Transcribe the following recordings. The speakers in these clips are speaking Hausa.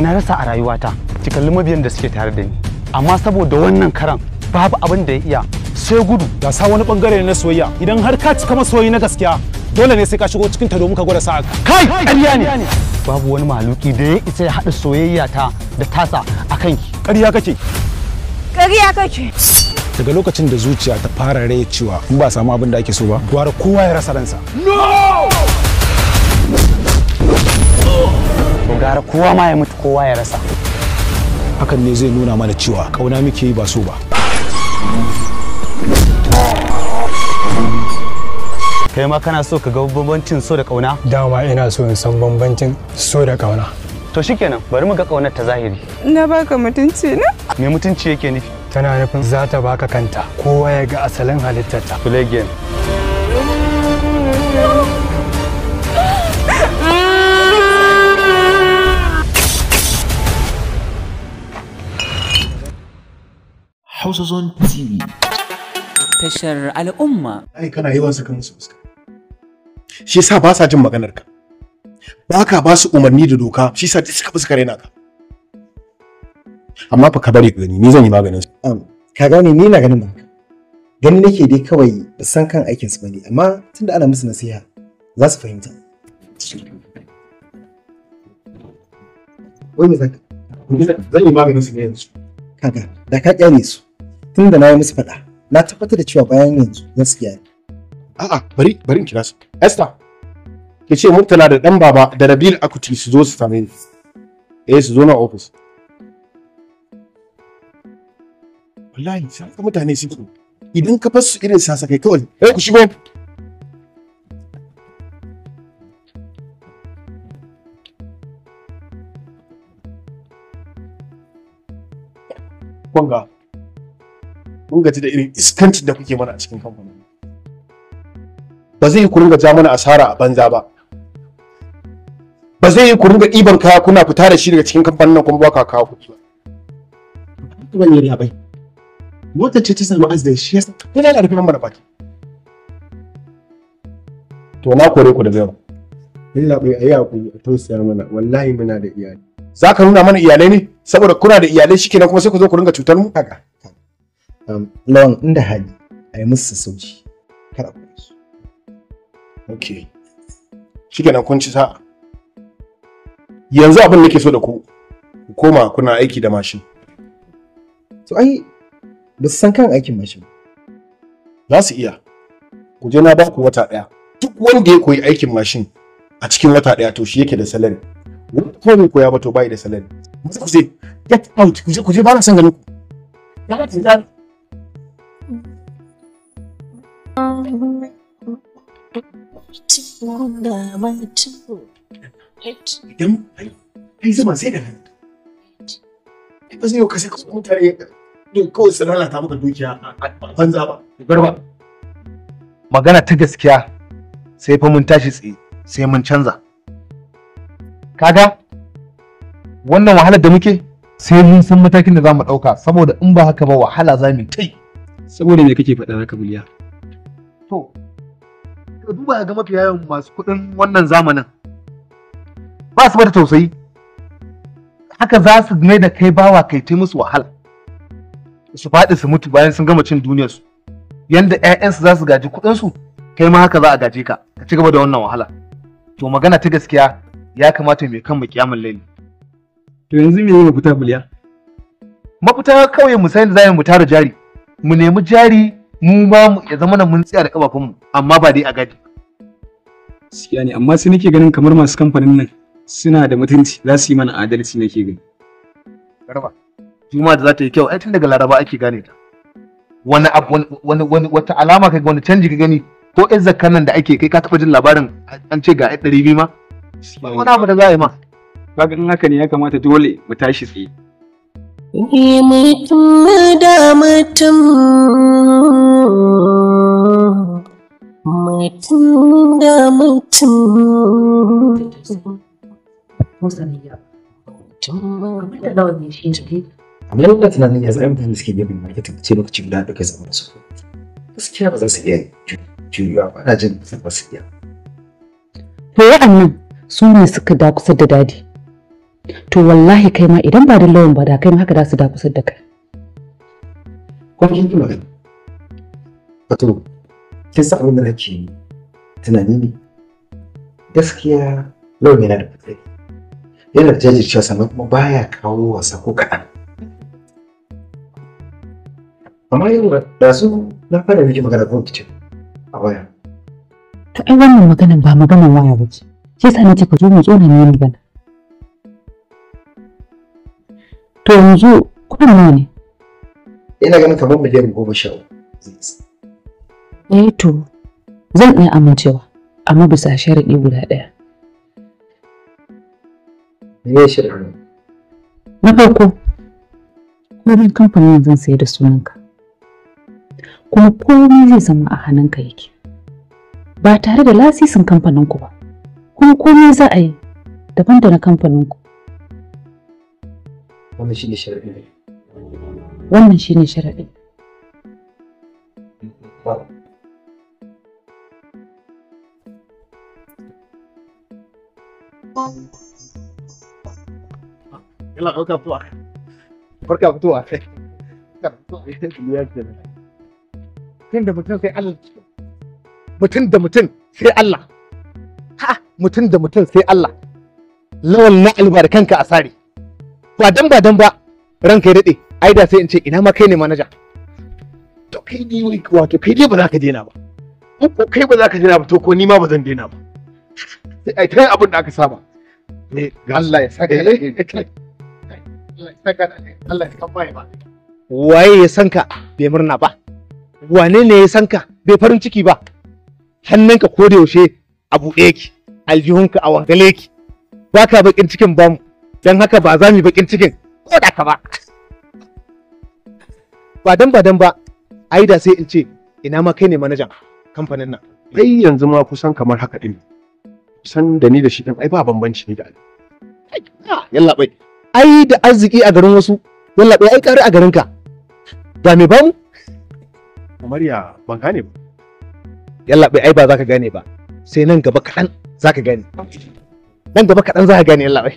ina na rasa a rayuwata ki limabiyan da suke tare da ni amma saboda wannan karan babu abin da ya iya sai gudu ga sa wani bangare na soyayya idan har ka cika masoyi na gaskiya dole ne sai ka shigo cikin ta domin ka gwada sa'a kai ƙarya ne babu wani maluki da ya isa ya haɗa soyayya ta da tasa a kanki ƙarya kake ƙarya kake daga lokacin da zuciya ta fara raya cewa in ba samu abin da ake so ba gwara kowa ya rasa ransa no to gara kowa ma ya mutu kowa ya rasa hakan ne zai nuna mana cewa kauna muke yi ba so ba kai ma kana so ka ga bambancin so da kauna dama ina so in san bambancin so da kauna to shikenan bari mu ga kaunar ta zahiri na baka mutunci ne? me mutunci yake nufi tana nufin za ta baka kanta kowa ya ga asalin halittarta Play Hausa Zone TV. Tashar al'umma. Ai kana yawan saka musu fuska. Shi yasa ba sa jin maganar ka. Ba ka ba su umarni da doka, shi yasa duk suka fuska raina ka. Amma fa ka bari gani, ni zan yi maganin su. Ka gane ni na ganin ba. Gani nake dai kawai ba san kan aikin su bane, amma tunda ana musu nasiha za su fahimta. Oi, me zaka? Zan yi maganin su ne yanzu. Kaga, da ka kyale su. Tun da na yi musu faɗa na tabbatar da cewa bayan yanzu gaskiya ne a'a bari bari in kira su esther ki ce murtala da dan baba da rabil akuti su zo su same ni eh su zo na office wallahi sai mutane ki idan ka fasu irin sasakai kawai eh ku shigo Kwanga. kun gaji da irin iskancin da kuke mana a cikin kamfanin ba zai yi ku ringa ja mana asara a banza ba ba zai yi ku ringa ɗiban kaya kuna fita da shi daga cikin kamfanin nan kuma ba ka kawo kuɗi ba ban yi bai motar ce ta samu azda shi ya san ta da rufe mana baki to na kore ku da bayan illa bai ayi hakuri a tausaya mana wallahi muna da iyali za ka nuna mana iyalai ne saboda kuna da iyalai shikenan kuma sai ku zo ku ringa cutar mu kaga Um, lawan inda hali a yi musu sauci kar a kula su ok shikenan kun ci sa'a yanzu abin ke so da ku ku koma kuna aiki da mashin to ai ba su san kan aikin mashin za su iya ku je na ba ku wata ɗaya duk wanda ya koyi aikin mashin a cikin wata ɗaya to shi yake da salari wanda kuma koya ba to bai da salari ku je get out ku je ba na son ganin ku ya ta Idan ai zama sai da nan. Ba zai yau ka sai ka mutane kawai su lalata maka dukiya a banza ba, bar ba. Magana ta gaskiya sai fa mun tashi tsaye sai mun canza. Kaga wannan wahalar da muke sai mun san matakin da za mu ɗauka saboda in ba haka ba wahala za mu yi Saboda me kake faɗa haka Buliya? to ka duba ga mafiya yawan masu kuɗin wannan zamanin ba su bada tausayi haka za su mai da kai bawa kai ta musu wahala su faɗi su mutu bayan sun gama cin duniyarsu yanda 'ya'yansu za su gaji kuɗinsu kai ma haka za a gaje ka ka ci gaba da wannan wahala to magana ta gaskiya ya kamata mai kan mu kiyamun laili to yanzu me mafita buliya mafita kawai mu san da za mu tara jari mu nemi jari mu mu ya zama mun tsaya da mu amma ba dai a gadi Sikiya ne amma sai nake ganin kamar masu kamfanin nan suna da mutunci za su yi mana adalci nake gani garba juma'a da za ta yi kyau ai tun daga laraba ake gane ta wani abu wani wani wata alama kai wani canji ka gani ko ɗan zakkan nan da ake kai ka taɓa jin labarin an ce ga ɗari biyu ma wani abu da za a yi ma ga in haka ne ya kamata dole mu tashi tsaye Ni mutum da mutum mutum da mutum amma yau da tunanin ya zai mutane suke gefen marketing ce lokaci guda da kai zama su gaskiya ba za su iya juyuwa ba na jin ba su iya to wa'annan su ne suka da kusa da dadi to wallahi kai ma idan ba don lawan ba da kai ma haka da su dakusar da kai kuma kin kula wato kin sa abin da nake tunani ne gaskiya ne yana da kai yana da jajircewa sannan kuma baya kawo wasa ko kaɗan amma yau da su na fara miki magana ko kicin a waya to ai wannan maganan ba maganan waya ba ce shi yasa nace ka zo mu zo na ne magana to yanzu kuɗin nawa ne ina ganin kamar miliyan goma sha uku eh to zan iya amincewa amma bisa sharaɗi guda ɗaya me sharaɗin na farko komai kamfanin zan sayar da sunanka kuma komai zai zama a hannunka yake ba tare da lasisin kamfaninku ba kuma komai za a yi daban da na kamfaninku wannan shine sharaɗi ne wannan shine sharaɗi Yalla ɗauka fitowa. Barka fitowa. Mutum da mutum sai Allah. Mutum da mutum sai Allah. Ha! Mutum da mutum sai Allah. Lawan na albarkanka a sare. ba dan ba dan ba ranka ya daɗe ai da sai in ce ina ma kai ne manaja to kai ni dai wato kai dai ba za ka daina ba ko kai ba za ka daina ba to ko ni ma ba zan daina ba sai ai tai abin da aka saba ne eh, Allah ya saka eh. Allah ya saka ba waye ya san ka bai murna ba wane ne ya san ka bai farin ciki ba hannunka ko da yaushe abu buɗe ki aljihunka a wangale ki baka bakin cikin bamu don haka ba za mu bakin cikin ko da ka ba ba dan ba dan ba ai da sai in ce ina ma kai ne manajan kamfanin nan ai yanzu ma kusan kamar haka din kusan da ni da shi ɗin, ai ba bambanci ne da ai yalla bai ai da arziki a garin wasu yalla bai ai kare a garin ka Ba me ba mu ya ban gane ba yalla bai ai ba za ka gane ba sai nan gaba kaɗan za ka gane nan gaba kaɗan za ka gane yalla bai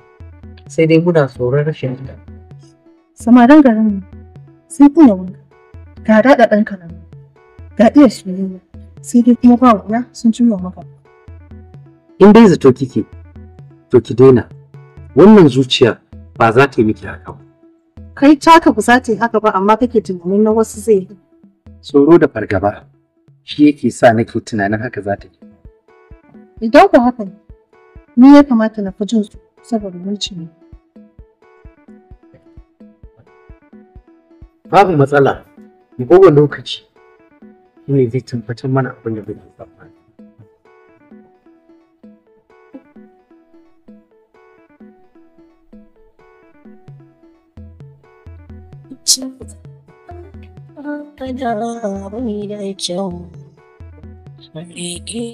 sai dai muna tsoron rashin ita. Samarin garin mu sun kuna wani ga daɗa ɗan kanan ga iya soyayya sai dai kuma ba wuya sun ciwo maka. In dai zato kike to ki daina wannan zuciya ba za ta yi miki haka ba. Kai taka ku za ta yi haka ba amma kake tunanin na wasu zai yi. Tsoro da fargaba shi yake sa nake tunanin haka za ta yi. Idan ku haka ne, ni ya kamata na fi jin saboda mulki ne. babu matsala in kowa lokaci in ne zai tabbatar mana abin da muke tsammani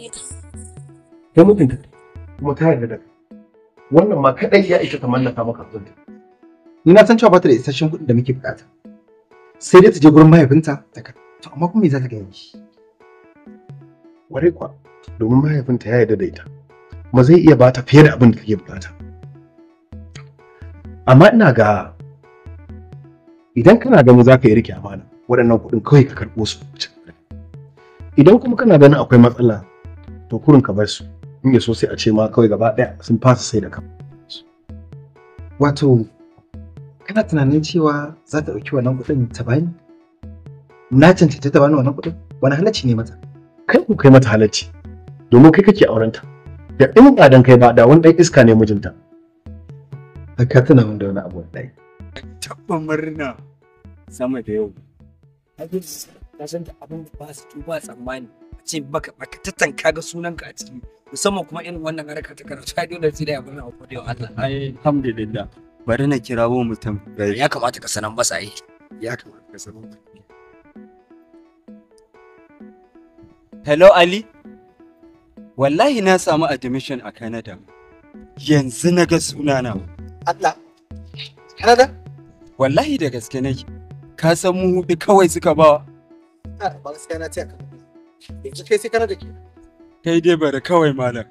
da ta mutunta kuma ta yarda da kai wannan ma kadai ya isa ta mallaka maka abin ni na san cewa ba ta da isasshen kuɗin da muke bukata sai dai ta je gurin mahaifinta ta ka to amma kuma me za ta gaya shi ware kwa domin mahaifinta ya yarda da ita kuma zai iya bata fiye da abin da take bukata amma ina ga idan kana ganin za ka yi rike amana waɗannan kuɗin kawai ka karɓo su idan kuma kana ganin akwai matsala to kurin ka bar su in ya sai a ce ma kawai gaba ɗaya sun fasa sai da ka wato kana tunanin cewa za ta ɗauki wannan kuɗin ta bani na cancanta ta bani wannan kuɗin wani halacci ne mata kai ku kai mata halacci domin kai kake aurenta da in ba dan kai ba da wani ɗan iska ne mijinta Haka tuna min da wani abu ɗaya Tabbar murna sama da yau na san da abin ba su tuba tsammani a ce baka baka tattanka ga ka a ciki musamman kuma irin wannan harka ta karatu da dole sai da ya murna a kodewa Allah alhamdulillah bari na kira wo mutum ya kamata ka sanan masa yi ya kamata ka sanan hello ali wallahi na samu admission a canada yanzu na ga sunana Allah canada wallahi da gaske nake ka san mu hudu kawai suka ba ah, ba gaskiya na ce yanzu kai sai canada ke kai dai bari kawai malam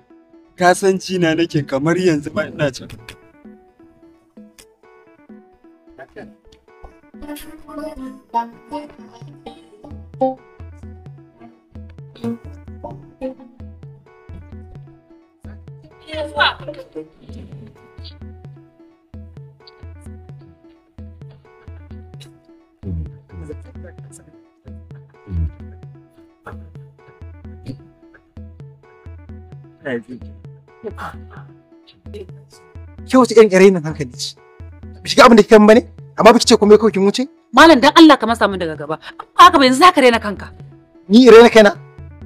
kasanci na nake kamar yanzu ba ina can Kau wace yang nan nak kan Shiga abin da kikan amma biki ce komai kawai kin wuce malam dan Allah ka masa min daga gaba haka ba yanzu zaka rena kanka ni rena kaina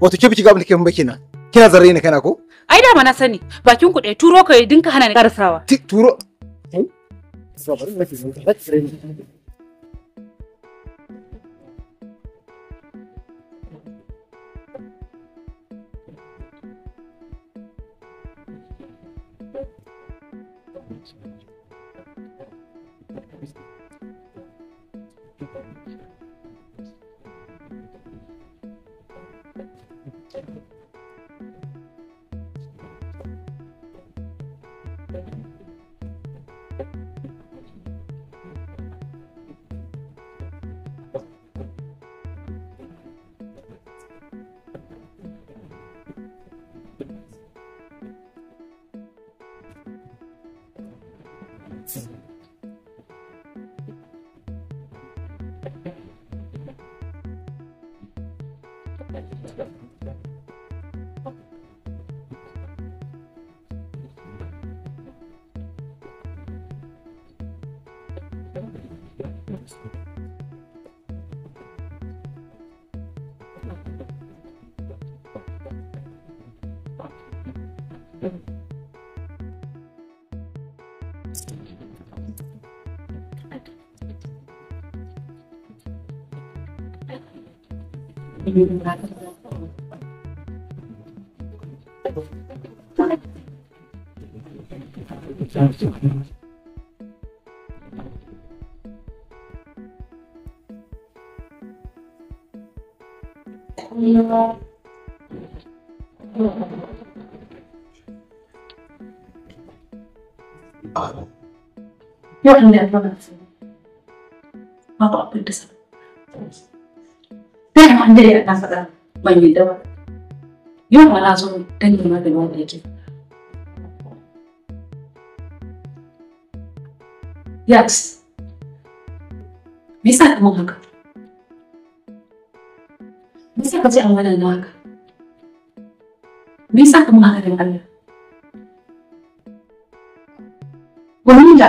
wato ke biki ga abin da ke mun baki na kina zan rena kaina ko ai da ma na sani bakin ku dai turo ka dinka hana ni karasawa turo Thank you. Yok, are enggak. Bapak aku dama an dare ana faɗa ban yadda ba yau ma na zo dan yi magani wanda yake yes me yasa ka haka me yasa ka ce an wannan haka me yasa haka Allah wani da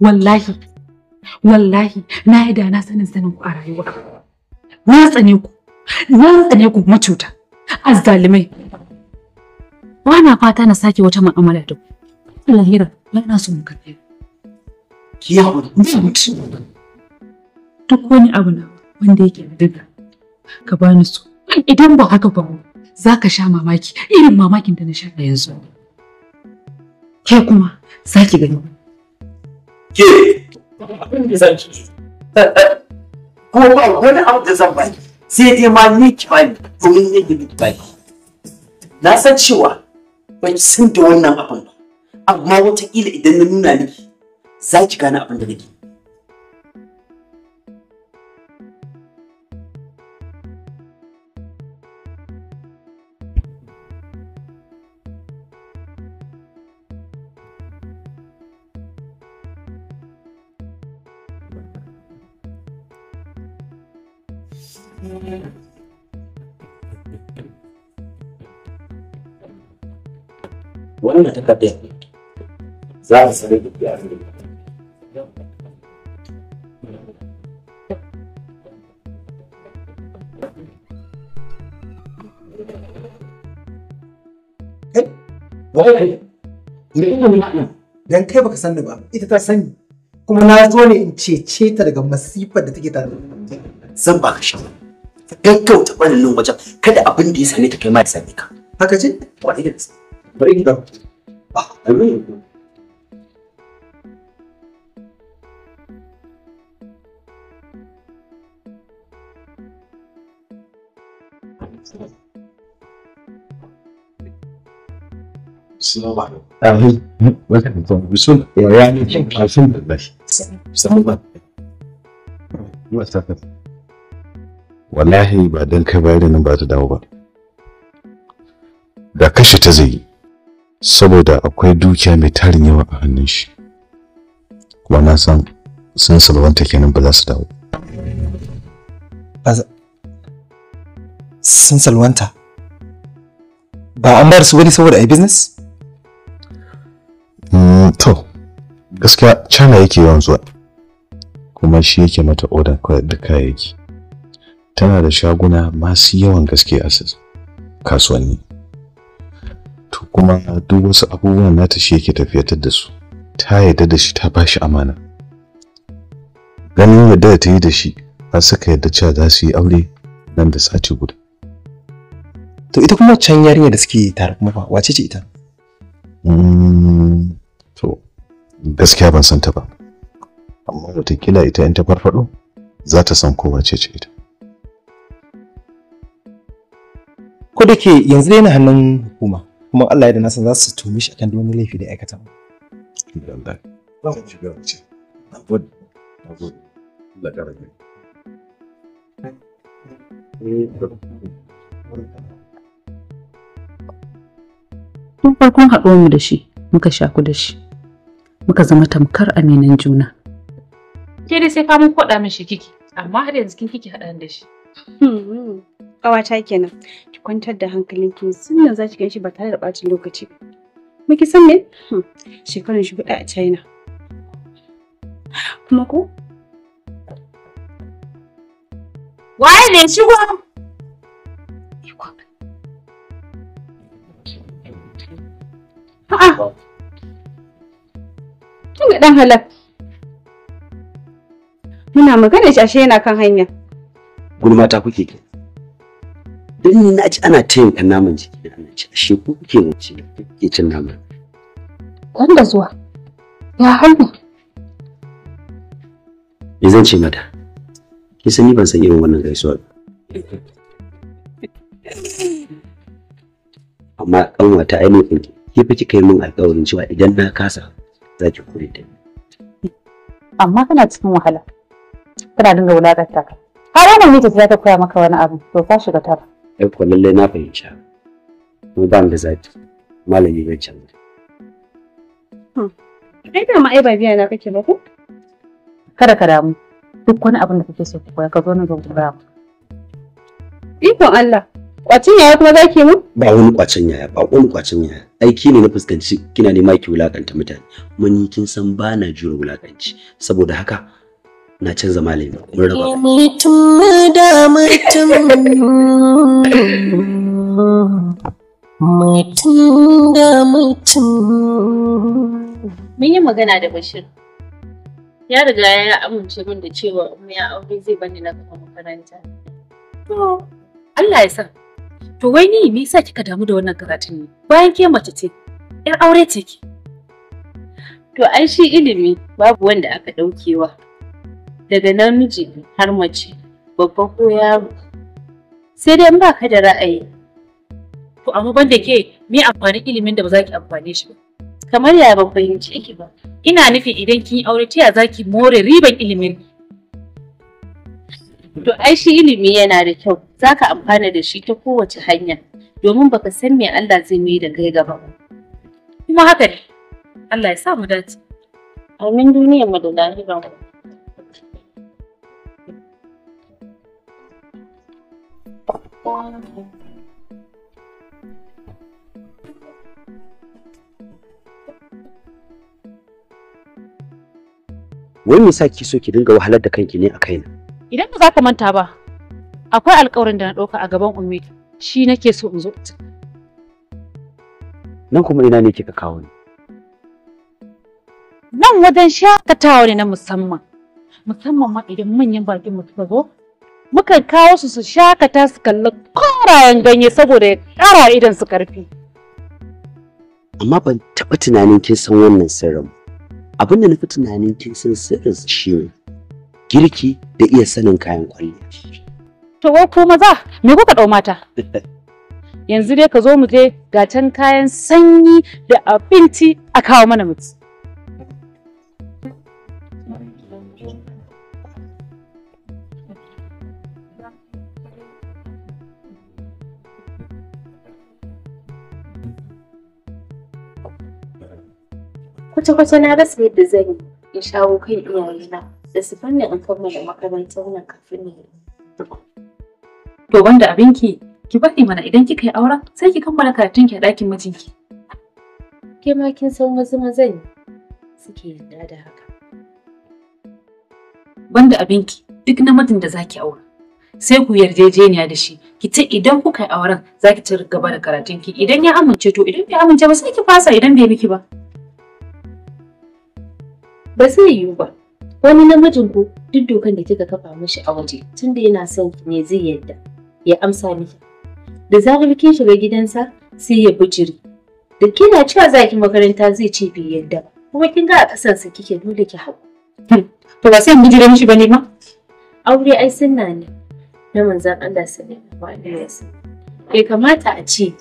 wallahi wallahi na yi da na sanin sanin ku a rayuwa na tsane ku na tsane ku macuta azzalimai ba na fata na sake wata mu'amala da ku lahira ba na so mu karɓe ya duk wani abu na wanda yake da daga ka bani so. idan ba haka ba za ka sha mamaki irin mamakin da na sha yanzu ke kuma za ki gani ke ko ba wani abu da zan sai dai ma ni ki bani domin ne ki bai na san cewa ban san da wannan abin ba amma wataƙila idan na nuna miki za ki gane abin da nake wannan takardar za a sani duk da abin da Wai, Dan kai baka sani ba, ita ta sani. Kuma na zo ne in cece ta daga masifar da take tare. Zan baka shawara. gaggauta ɓarin nan wajen kada abin da ya sani ta kai ma ya sani ka. Haka ce? Wani da ta sani. Bari ki البحر عليكم. بسم الله الرحمن الرحيم. الله يعني بسم الله ماشي. بسم الله. Wallahi ba don saboda akwai dukiya mai tarin yawa a hannun shi kuma na san sun salwanta kenan ba za su dawo sun salwanta ba an bar su wani saboda a yi business? Mm, to gaskiya china yake yawan zuwa kuma shi yake mata odan da kayayyaki tana da shaguna masu yawan gaske a kasuwanni To kuma duk wasu abubuwan nata shi yake tafiyatar da su ta yarda da shi ta ba shi amana ganin yadda ta yi da shi an saka yadda cewa za su yi aure nan da sati guda to ita kuma can yarinya da suke tare kuma fa wace ce ita mm, to gaskiya ban san ta ba amma watakila ita in ta farfado za ta san ko wace ce ita ko da ke yanzu yana hannun hukuma kuma Allah ya da nasa za su tumi shi akan wani laifi da aikata mu Tun farkon haɗuwar mu da shi muka shaku da shi muka zama tamkar aminan juna. Ke dai sai ka mun koɗa min shi kiki amma har yanzu kin kiki haɗa da shi. Hmm, hmm. Ƙawata kenan ki kwantar da hankalinki yanzu nan za ki gan shi ba tare da ɓacin lokaci ba ki san me hmm. Shekarun shi guda a china kuma ko waye ne shigo a'a kin ga ɗan halak muna magana shi ashe yana kan hanya gulma ta kuke ki don na ji ana ta yanka naman jiki ana ci ashe ko kuke mu ci kuke cin naman dan da zuwa ya harbi me zan ce mata ki sani ban san irin wannan gaisuwa amma kanwa ta ainihin ki fi kika yi min alƙawarin cewa idan na kasa za ki kure ta amma kana cikin wahala kana dinga wulaƙanta ka har ta mita ta koya maka wani abu to ka shiga tara ko lalle na fahimci haka kuma ba da zafi malami bai canza hmm. ai da ma ai ba biya na kake ba ko kada ka damu duk wani abin da kake so ka koya ka zo nan zan koya ku. ikon Allah kwacin yaya kuma za ki mu? Ba wani kwacin yaya, ba wani kwacin yaya. Aiki ne na fuskanci kina nema ki wulakanta mutane. Mun kin san ba na jiro wulakanci. Saboda haka na canza malami mun raba mutum da mutum mutum da mutum mun yi magana da bashir ya riga ya amince min da cewa in ya aure zai bani na kafa makaranta to Allah ya sa to wai ni me yasa kika damu da wannan karatun ne bayan ke mace ce yar aure ce ki to ai shi ilimi babu wanda aka daukewa daga namiji har mace babba ko yaro sai dai in ba ka da ra'ayi to amma banda ke me amfanin ilimin da ba za ki amfane shi ba kamar yaya ban fahimci ki ba ina nufi idan kin aure ta ya za ki more riban ilimin to ai shi ilimi yana da kyau za ka amfana da shi ta kowace hanya domin baka san me Allah zai mai da kai gaba ba kuma haka ne Allah ya sa mu dace amin duniyar mu da lahiran mu Wai me yasa ki so ki dinga wahalar da kanki ne a kaina? Idan ba za ka manta ba, akwai alƙawarin da na ɗauka a gaban Ummi, shi nake so in zo. Nan kuma ina ne kika kawo ni? Nan wajen shakatawa ne na musamman, musamman ma idan manyan baƙin mu mukan kawo su su shakata su kalli korayen ganye saboda ya ƙara idan su karfi Amma ban taɓa tunanin kin san wannan sirrin. Abin da na fi tunanin kin san sirrin shi ne girki da iya sanin kayan kwalliya. To wai ko maza me kuka ɗau mata? Yanzu dai ka zo mu je ga can kayan sanyi da abinci a kawo mana mutu. kwata-kwata na rasa yadda zan yi in shawo kan iyayena da su fanni in kammala makarantar nan kafin na To banda abinki, ki bari mana idan kika yi auren sai ki kammala karatun ki a ɗakin mijinki. Ke ma kin san wasu mazan suke yarda da haka. Banda abinki, duk namijin da zaki aura. Sai ku yarjejeniya da shi, ki ce idan kuka yi auren za ki ci gaba da karatunki, idan ya amince to idan bai amince ba sai ki fasa idan bai miki ba. ba zai yiwu ba wani namijin ko duk dokan da kika kafa mishi a waje tunda yana son ne zai yadda ya amsa miki da zarar kin shiga gidansa sai ya bujiri. da kina cewa za ki makaranta zai ce bai yadda kuma kin ga a sa kike dole ki hau hmm. to ba sai mu jira mishi bane ma aure ai sunna ne na manzon Allah sallallahu alaihi wasallam bai kamata a ce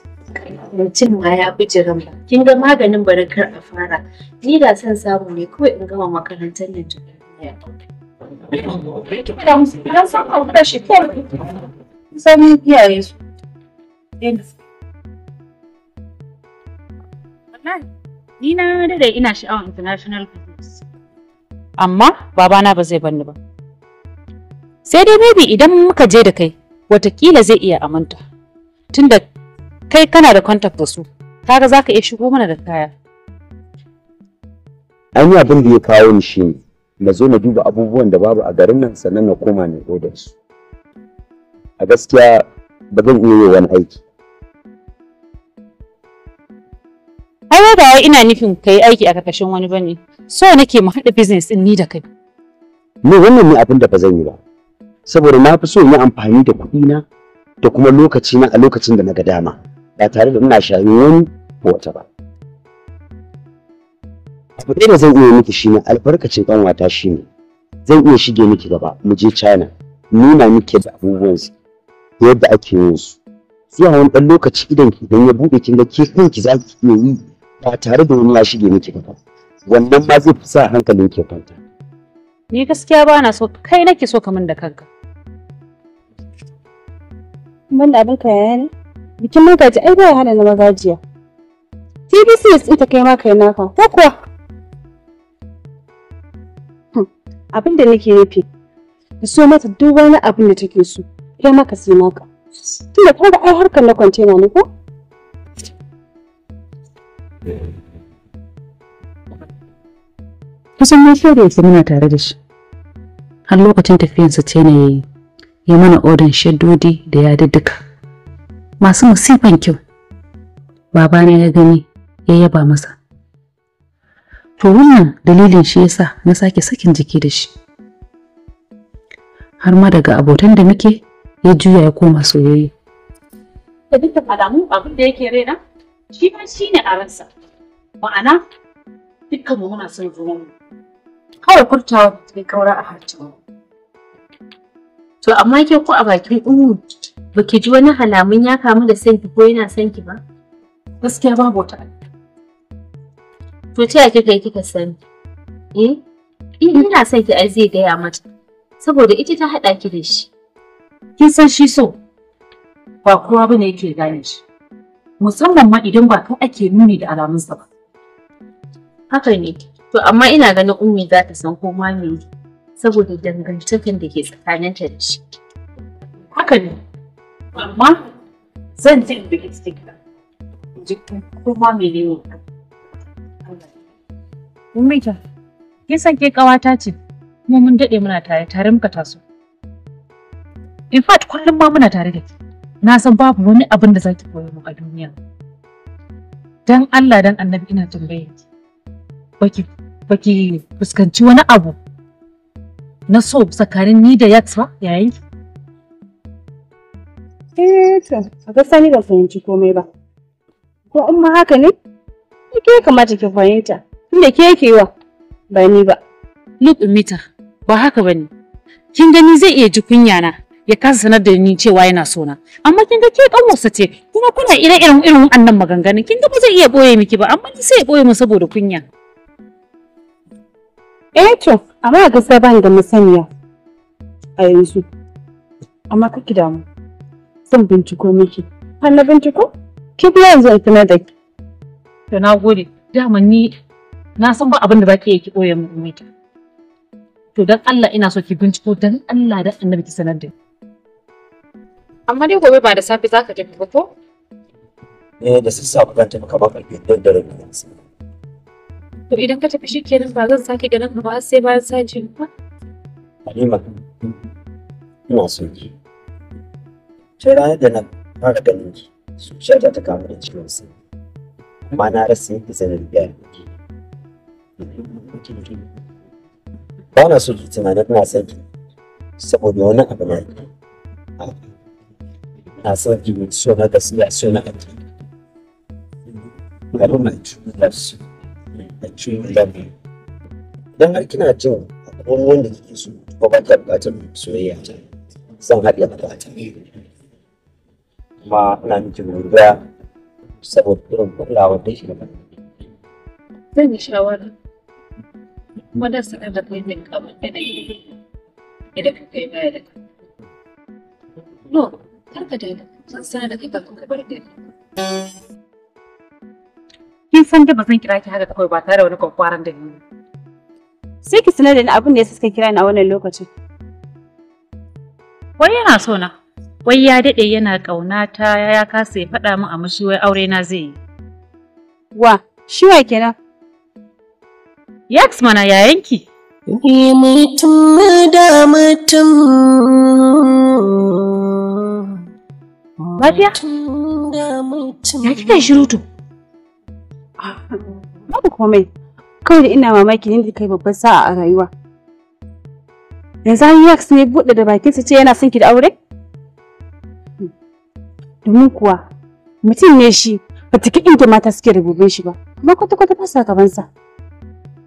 mutum ma ya bijiran ba kin ga maganin bari kar a fara ni da son samu ne kawai in gama makarantar nan tun Sanin iyaye su. Ni na dade ina sha'awar international business. Amma babana ba zai bani ba. Sai dai baby idan muka je da kai, watakila zai iya aminta Tunda kai kana da contact da su kaga zaka iya shigo mana da kaya an yi abin da ya kawo ni shi ne na zo na duba abubuwan da babu a garin nan sannan na koma na odar su a gaskiya ba zan iya yin wani aiki ai da wai ina nufin kai aiki a karkashin wani bane so nake mu haɗa business din ni da kai ni wannan ne abin da ba zan yi ba saboda na fi so in yi amfani da kuɗi na da kuma lokaci na a lokacin da na ga dama ba tare da ina shani wani ko wata ba abu ɗaya da zan iya miki shi ne, albarkacin ƙanwata ne. zan iya shige miki gaba mu je china nuna miki da abubuwansu yadda ake yin su zuwa wani ɗan lokaci idan idan ya buɗe kin ga ke kanki za ki iya yi ba tare da wani ya shige miki gaba wannan ma zai fi sa hankalin ke kwanta ni gaskiya ba na so kai nake so min da kanka Mun da abin ka yaya ne bikin magaji ai baya hana na magajiya TBC ɗin ita kai ma kai naka ko kuwa hmm, abin da nake nufi ka so mata duk wani abin da take so kai maka sai maka Tun da ga ai harkar na kwantena ne ko kusan ya fiye da yake muna tare da shi har lokacin tafiyansa ce ne ya mana odin shaddodi da ya duka masu musifan kyau babana ya gani ya yaba masa to wannan dalilin shi yasa na sake sakin jiki da shi har ma daga abotan da muke ya juya ya koma soyayya da dukkan alamu abin da yake raina shi ma shi ne a ransa ma'ana dukkan mu muna son junanmu kawai kurtawa da kaura a harcin to amma ke ko a bakin umu Baki ji wani halamun ya kamu da sanki ko yana sanki ki ba? Gaskiya babu wata To ta kika yi kika sani? Eh? In yana son ki ai zai gaya mata. Saboda ita ta haɗa ki da shi. Kin san shi so? Ba kowa bane yake gane shi. Musamman ma idan ba kai ake nuni da alamunsa ba. Haka ne. To amma ina ganin Ummi za ta san ko ma ne saboda dangantakan da ke tsakaninta da shi. Haka ne. amma zan ji in ke cikin ka in ji kuma mene ne ka Ummita, kin san ke kawata ce kuma mun daɗe muna tare tare muka taso. In fact kullum ma muna tare da ke. Na san babu wani abin da zaki koyo mu a duniya. Dan Allah dan Annabi ina tambaye ki. Baki baki fuskanci wani abu na so tsakanin ni da yatsa yayin ki? Eh to, a gaskiya ni ban fahimci komai ba. Ko in ma haka ne? Ke kamata ki fahimta. Inda ke yake wa ba ni ba. Look Mita, ba haka bane. Kin gani zai iya ji kunya na ya kasa sanar da ni cewa yana so na. Amma kin ga ke kanwarsa ce kuma kuna ire irin irin wannan maganganun. Kin ga ba zai iya boye miki ba amma ni sai ya boye mu saboda kunya. Eh to, amma a gaskiya ba ni da musaniya a yanzu. Amma kake damu. zan binciko miki. Har na binciko? Ki biya in tuna da ki. To na gode. Dama ni na san ba abin da baki yake koya min umita. To dan Allah ina so ki binciko dan Allah da Annabi ki sanar da ni. Amma dai gobe ba da safe zaka tafi ba ko? Eh da sassafe zan tafi kamar karfe 1 da rabi. To idan ka tafi shikenan ba zan sake ganin ka ba sai bayan saji ba. Halima. Ina so ki. tun ranar da na fara ganin ki zuciyata ta kamu da ciwon sai Kuma na rasa yadda zan riga ba na so ki tunanin ina son ki saboda wani abu na ki na san ki mai so na gaskiya so na addini I don't like true love. I truly love you. Don har kina jin wani wanda kike so ko ba ta bukatar soyayya ta. Zan haɗe bukata. kuma ina miki godiya saboda irin kulawar da shi zan yi shawara kuma da sanar da kai min kamar da na idan ka kai da kai no kar ka daina zan sanar da kai kafin ka bar gari kin san da zan kira ki haka kawai ba tare da wani kwakwaran dalili sai ki sanar da ni abin da ya suka kira ni a wannan lokacin wai yana so na wai ya daɗe yana ta ya kasa ya faɗa min a mashi wai aure na zai yi. Wa, shi wa kenan? Yaks mana yayanki. Ni mutum da mutum. Lafiya? Ya kika shirutu? Babu komai. Kawai da ina mamaki ne da kai babban sa'a a rayuwa. Yanzu an yaks ne buɗe da bakinsa ce yana son ki da aure? domin kuwa mutum ne shi ba ta inda mata suke rububin shi ba amma kwata-kwata ba sa gabansa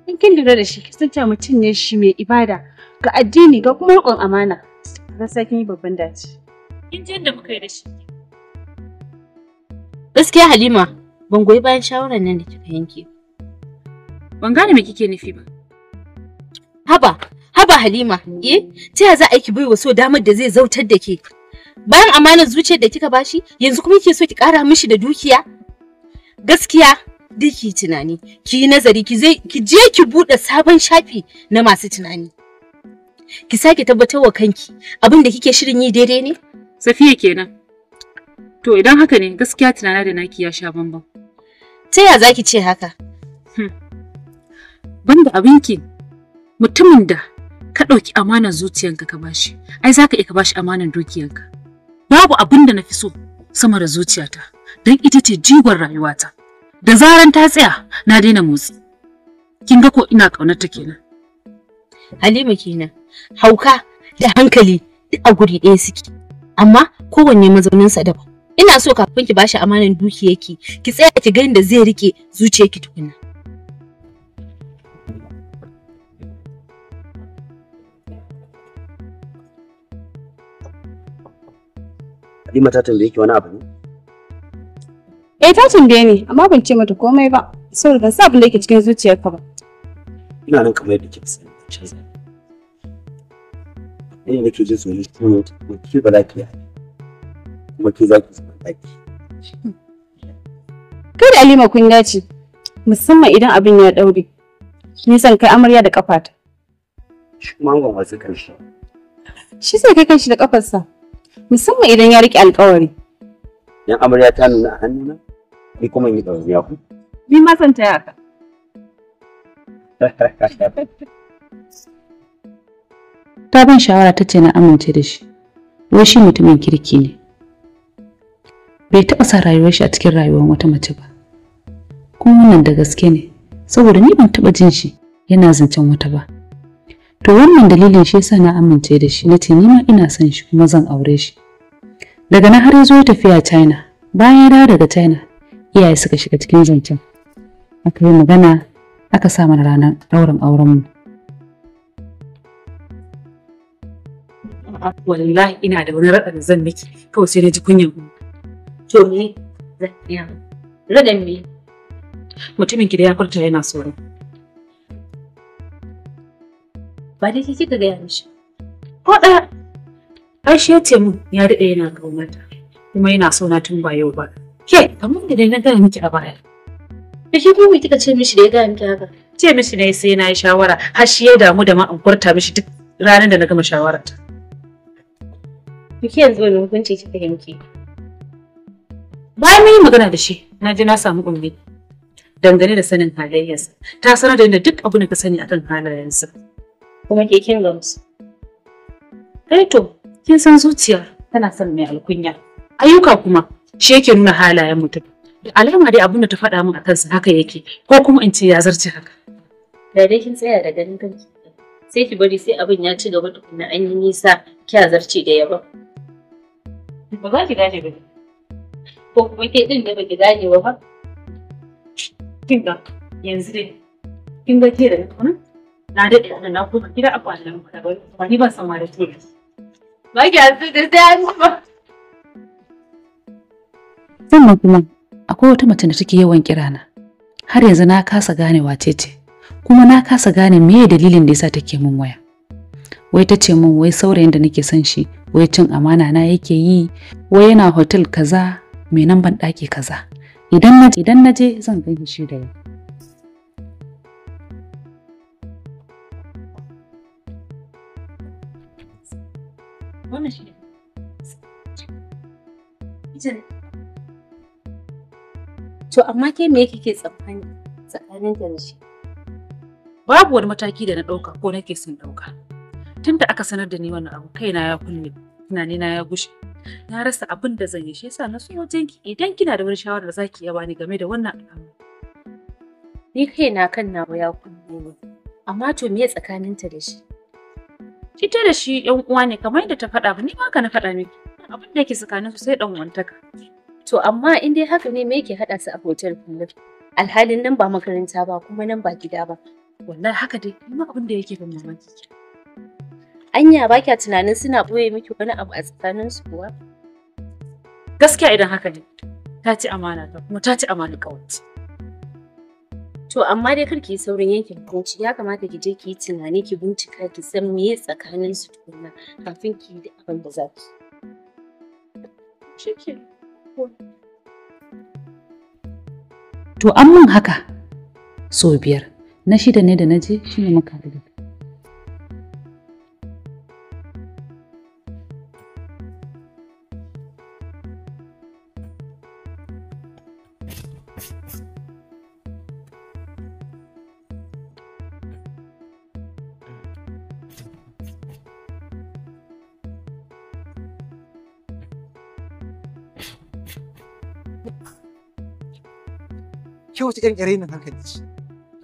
in kin lura da shi kasance mutum ne shi mai ibada ga addini ga kuma riƙon amana sa kin yi babban dace kin ji yadda muka yi da shi gaskiya Halima ban goyi bayan shawarar nan da kika yanke ban gane me kike nufi ba haba haba Halima eh ta za a yi ki bai wa so damar da zai zautar da ke bayan amanar zuciyar da kika bashi yanzu kuma kike so ki kara mishi da dukiya gaskiya duk tunani ki yi nazari ki je ki buɗe sabon shafi na masu tunani ki sake tabbatar wa kanki abin da kike shirin yi daidai ne safiya kenan to idan haka ne gaskiya tunana da naki ya sha bamban ta ya zaki ce haka hmm. banda abinki mutumin da ka ɗauki amanar zuciyanka ka bashi ai zaka iya ka bashi amanar dukiyanka babu abin da na fi so sama da zuciyata don ita ce jigon rayuwata da zaran ta tsaya na daina motsi kin ga ko ina kaunar ta kenan halima kenan hauka da hankali duk a guri ɗaya suke amma kowanne mazauninsa daban ina so kafin ki bashi amanan dukiyarki ki tsaya ki ga da zai rike zuciyarki tukuna Halima ta tambaye ki wani abu ne? Eh ta tambaye ni amma ban ce mata komai ba saboda ban san abin da yake cikin zuciyarka ba. Ina nan kamar yadda kike sani can zai. Ina nake jin tsoro shi ne ki ba za ki yi kuma ki za ki zama daki. Kai da Halima kun dace musamman idan abin ya daure. Ni san kai amarya da kafata. Shi kuma an gwamnati kan shi. Shi sai kai kan shi da kafarsa. musamman idan ya riƙe alƙawari. Yan amarya ta nuna a hannuna, ni kuma in yi ɗauriya ku. Ni ma zan taya ka. Ta ban shawara ta ce na amince da shi, wai shi mutumin kirki ne. Bai taɓa sa rayuwar shi a cikin rayuwar wata mace ba. Kuma wannan da gaske ne, saboda ni ban taɓa jin shi yana zancen wata ba. to wannan dalilin shi yasa na amince da shi nace ni ma ina son shi kuma zan aure shi daga na har ya zo tafiya China bayan ya dawo daga China iyaye suka shiga cikin zancen aka yi magana aka sa mana ranar ɗaurin aurenmu wallahi ina da wani raɗa da zan miki kawai sai na ji kunyan to ne raɗa me mutumin ki da ya furta yana tsoro ba dai ke kika gaya mishi ko ɗaya ai shi ya ce min ya daɗe yana ƙaunata kuma yana so na tun ba yau ba ke kamar da dai na gaya miki a baya da ke kuma kika ce mishi da ya gaya miki haka ce mishi ne sai na yi shawara har shi ya damu da ma an kurta mishi duk ranar da na gama ta. Miki yanzu ne hukunci kika yanke. Bayan mun yi magana da shi, na ji na samu ummi dangane da sanin halayyarsa. Ta sanar da ni duk abin da ka sani akan halayensa. kuma ke kin gamsu. Kai eh to, kin san zuciyar tana son mai alkunya. Ayyuka kuma shi yake nuna halayen mutum. Da alama dai abin da ta faɗa min a kansa haka yake, ko kuma in ce ya zarce haka. Da dai kin tsaya da ganin kanki. Sai ki bari sai abin ya ci gaba tukuna an yi nisa kya zarce da yaba. Ba za ki dace ba. Ko kuma ke din da baki dace ba fa? Kin ga yanzu dai kin ga ke da kuma na daɗe da na kuma gida a ƙwallon ku da wani ba san wani tuni. Ba ki yanzu da sai an ba. Sannan kuma akwai wata mace da take yawan kirana. Har yanzu na kasa gane wace ce, kuma na kasa gane meye dalilin da yasa take min waya. Wai ta ce min wai saurayin da nake son shi, wai cin amana na yake yi, wai yana hotel kaza, mai nan ɗaki kaza. Idan na je zan gan shi da yau. wannan shi ne to amma ke me kike tsammani tsakanin da shi babu wani mataki da na ɗauka ko nake son ɗauka tun da aka sanar da ni wannan abu kaina ya kulle tunani na ya gushe na rasa abin da zan yi shi yasa na so wajenki idan kina da wani shawara da zaki iya ni game da wannan al'amari ni kaina kan nawa ya kulle ni amma to me tsakaninta da shi ita da shi yan uwa ne kamar yadda ta faɗa ba ni ma ka na faɗa miki abin da yake tsakaninsu sai dan wantaka to amma in dai haka ne me yake haɗa su a hotel kullum alhalin nan ba makaranta ba kuma nan ba gida ba wallahi haka dai Amma abin da yake ban mamaki anya ba kya tunanin suna ɓoye miki wani abu a tsakaninsu kuwa gaskiya idan haka ne ta ci amana ta kuma ta ci amana kawai To amma dai kar ki yi saurin yankin hukunci ya kamata ki je ki yi tunani ki bincika ki san me ya tsakanin su tukuna kafin ki yi da abin da za ki. To an haka sau biyar na shida ne da na je shi ne muka da wace irin irin hankali ce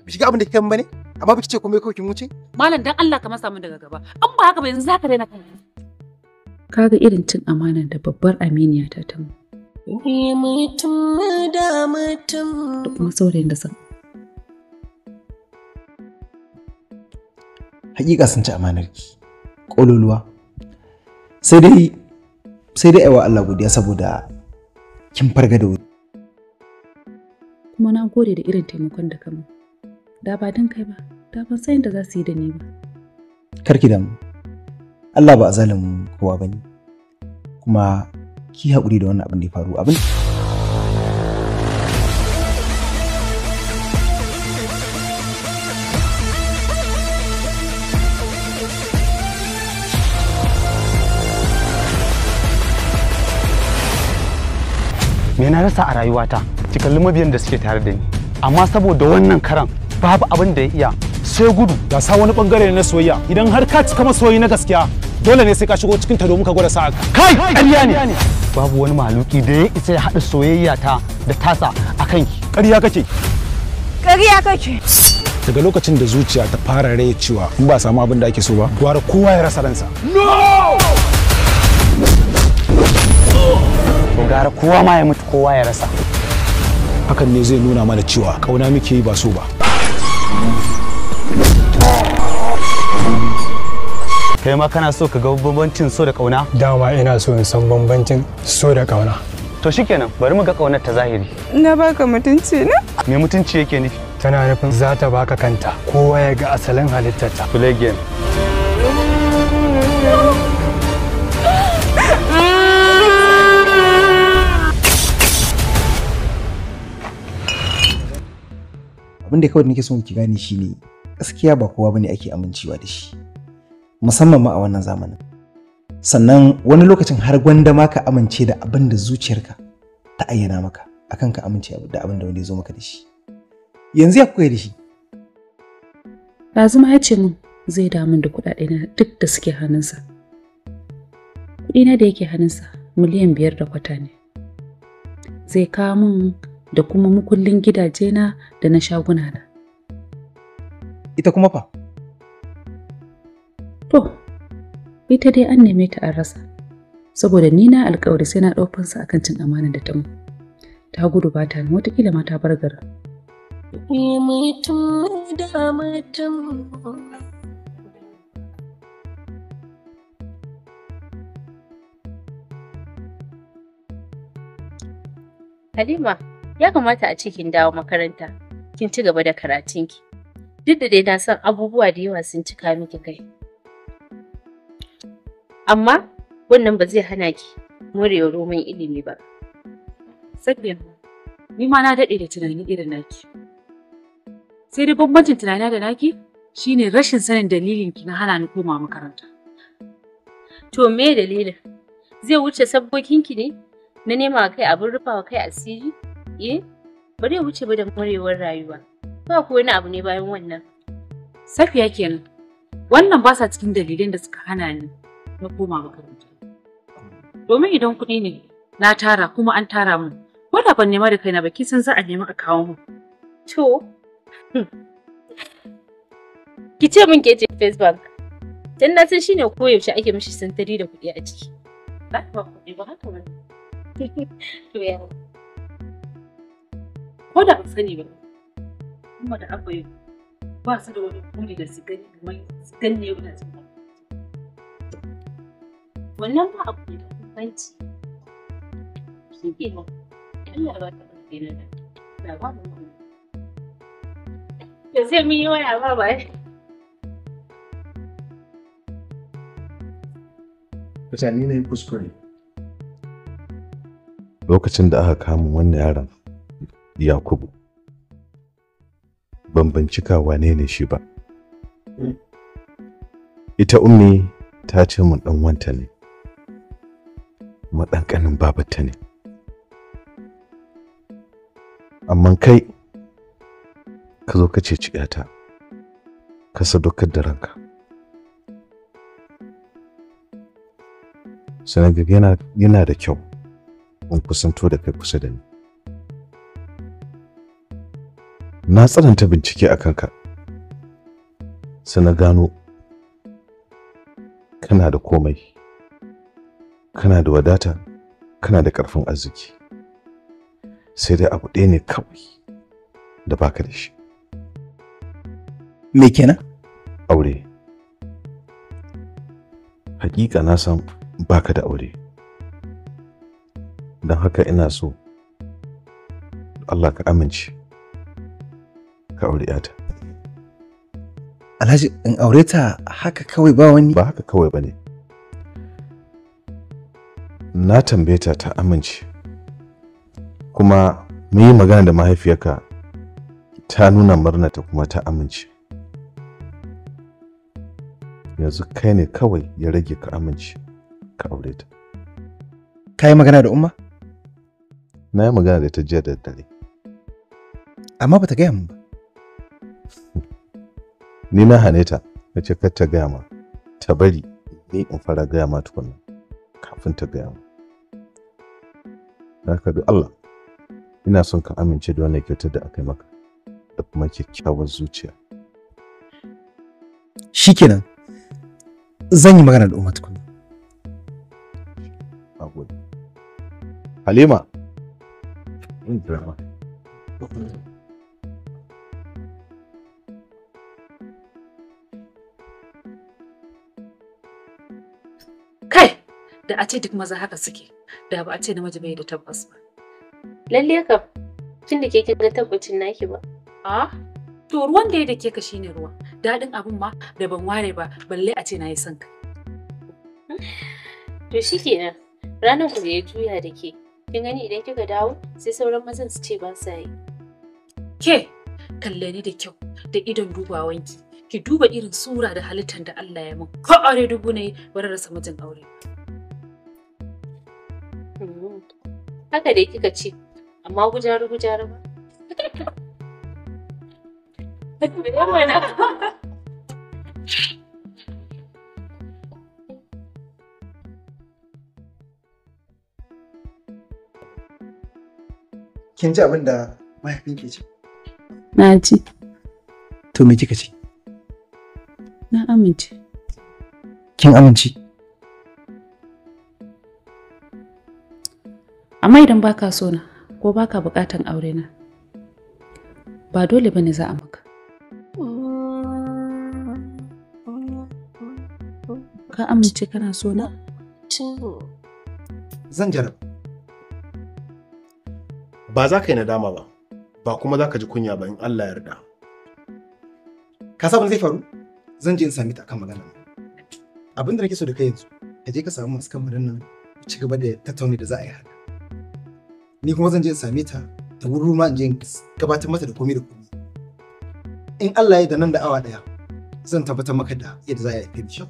bi shiga abin da kika bane amma biki ce komai kawai kin wuce malam dan Allah ka masa mun daga gaba an ba haka ba yanzu zaka daina kan kaga irin cin amanar da babbar aminiya ta ta mu ni mutum da mutum da kuma saurayin da san hakika sun ci amanar ki kololuwa sai dai sai dai aiwa Allah godiya saboda kin farga da wuri kuma na gode da irin taimakon da kama da ba don kai ba da ban san yadda za su yi da ni ba karki da Allah ba a zalimin kowa ba ne kuma ki haƙuri da wannan abin da ya faru abin me na rasa a rayuwata cikin limabiyan da suke tare da ni amma saboda wannan karan babu abin da ya iya sai gudu da sa wani bangare na soyayya idan har ka cika masoyi na gaskiya dole ne sai ka shigo cikin ta domin ka gwada sa'a kai ƙarya ne babu wani maluki da ya isa ya haɗa soyayya ta da tasa a kanki ƙarya kake ƙarya kake daga lokacin da zuciya ta fara raya cewa in ba samu abin da ake so ba gwara kowa ya rasa ransa no to gara kowa ma ya mutu kowa ya rasa hakan ne zai nuna mana cewa kauna muke yi ba so ba kai ma kana so ka ga bambancin so da kauna dama ina so in san bambancin so da kauna to shikenan bari mu ga kaunar ta zahiri na baka mutunci ne. me mutunci yake nufi tana nufin za ta baka kanta kowa ya ga asalin halittarta Play abin da kawai nake son ki gane ne gaskiya ba kowa bane ake amincewa da shi musamman ma a wannan zamanin sannan wani lokacin har gwanda ma ka amince da abin da zuciyarka ta ayyana maka akan ka amince da abin da wani ya zo maka da shi yanzu ya koya da shi Lazima ya ce min zai damun da kuɗaɗe na duk da suke hannunsa na da yake hannunsa miliyan biyar da kwata ne zai kawo min da kuma mukullin gidajena da na shaguna na. Ita kuma fa? To, ita dai an neme ta an rasa, saboda ni na alkawari sai na ɗaufansa akan cin amanar da ta Ta gudu ba ta watakila ma ta bar garin. mutum Halima, ya kamata a ce kin dawo makaranta kin ci gaba da karatun ki. duk da dai na san abubuwa da yawa sun cika miki kai amma wannan ba zai hana ki morewa roman ilimi ba sabbi ni ma na daɗe da tunani irin naki sai dai bambancin tunani da naki shine rashin sanin dalilin ki na hana ni koma makaranta to me dalilin zai wuce sabbokinki ne na nema kai abin rufawa kai asiri ye eh, ba zai wuce ba da murewar rayuwa ba ko wani abu ne bayan wannan safiya kenan wannan ba sa cikin dalilin da suka hana ni na koma makaranta domin idan kuɗi ne na tara kuma an tara mun. ko da ban nema da kaina ba kisan za a nemi a kawo mu. to hmm. ki ce min ke ce Facebook. tun na san shine koyaushe ake mishi santari da kuɗi a ciki ba ba kuɗi ba haka ba to ya ko da ban sani ba kuma da yi, ba su da wani buri da su gani kuma su ganne wani su wannan ba abu da kusanci shi ke nan Allah ba ta ɓarfi na da ba mu kuma da sai mun yi waya ba ba Mutane na yi kuskure. Lokacin da aka kama wannan yaron Yakubu. Ban bincika wane ne shi ba. Ita ummi ta ce mun ɗan wanta ne, maɗanƙanin babata ne. Amma kai ka zo ka ceci ‘yata, ka sadaukar da ranka. Sanagar yana da kyau in kusanto da kai kusa da ni. na tsananta bincike a kanka sana gano kana da komai kana da wadata kana da ƙarfin arziki sai dai abu ɗaya ne kawai da baka da shi me kenan aure hakika na san baka da aure don haka ina so Allah ka amince ka aure ta. alhaji in aure ta haka kawai ba wani ba haka kawai ba ne na tambaye ta ta amince kuma mun yi magana da mahaifiyarka ta nuna murna ta kuma ta amince yanzu kai ne kawai ya rage ka amince ka aure ta ka yi magana da umma na yi magana da ta jiya da dare amma ba ta gaya mu ba ni na hane na ce kar ta gaya ma ta bari ni in fara gaya ma tukunna kafin ta gaya ma haka da Allah ina son ka amince da wannan kyautar da aka yi maka da kuma kyakkyawar zuciya shikenan zan yi magana da umar tukunna Halima. Halima. Kai, da a ce duk maza haka suke, da ba a ce namiji bai da tabbas ba. Lalle kam, kin da ke kin ga tabbacin naki ba. A? To ruwan da ya dake ka shine ruwa. Daɗin abun ma da ban ware ba, balle a ce na yi son ka. Hmm? To shikenan, ranar ku da ya juya da ke. Kin gani idan kika dawo, sai sauran mazan su ce ba sa yi. Ke, kalle ni da kyau, da idon dubawanki. ki duba irin sura da halittar da Allah ya mun ko aure dubu ne wani rasa mijin aure haka dai kika ce amma gujaru gujaru ba Kin ji abin da mahaifin ke ce? Na ji. To me kika ce? Na amince. Kin amince? Amma idan baka so na ko baka bukatan aure na, ba dole bane za a maka. Ka amince kana so na? Zan jaraba. Ba za ka yi nadama ba, ba kuma za ka ji kunya ba in Allah yarda. Ka sabon zai faru? zan je in sami ta kan magana abin da nake so da kai yanzu ka je ka samu masu kamfanin nan ci gaba da tattauni da za a yi haka ni kuma zan je in sami ta da wuri ma in je gabatar mata da komai da komai in Allah ya da nan da awa daya zan tabbatar maka da yadda za a yi fim shi.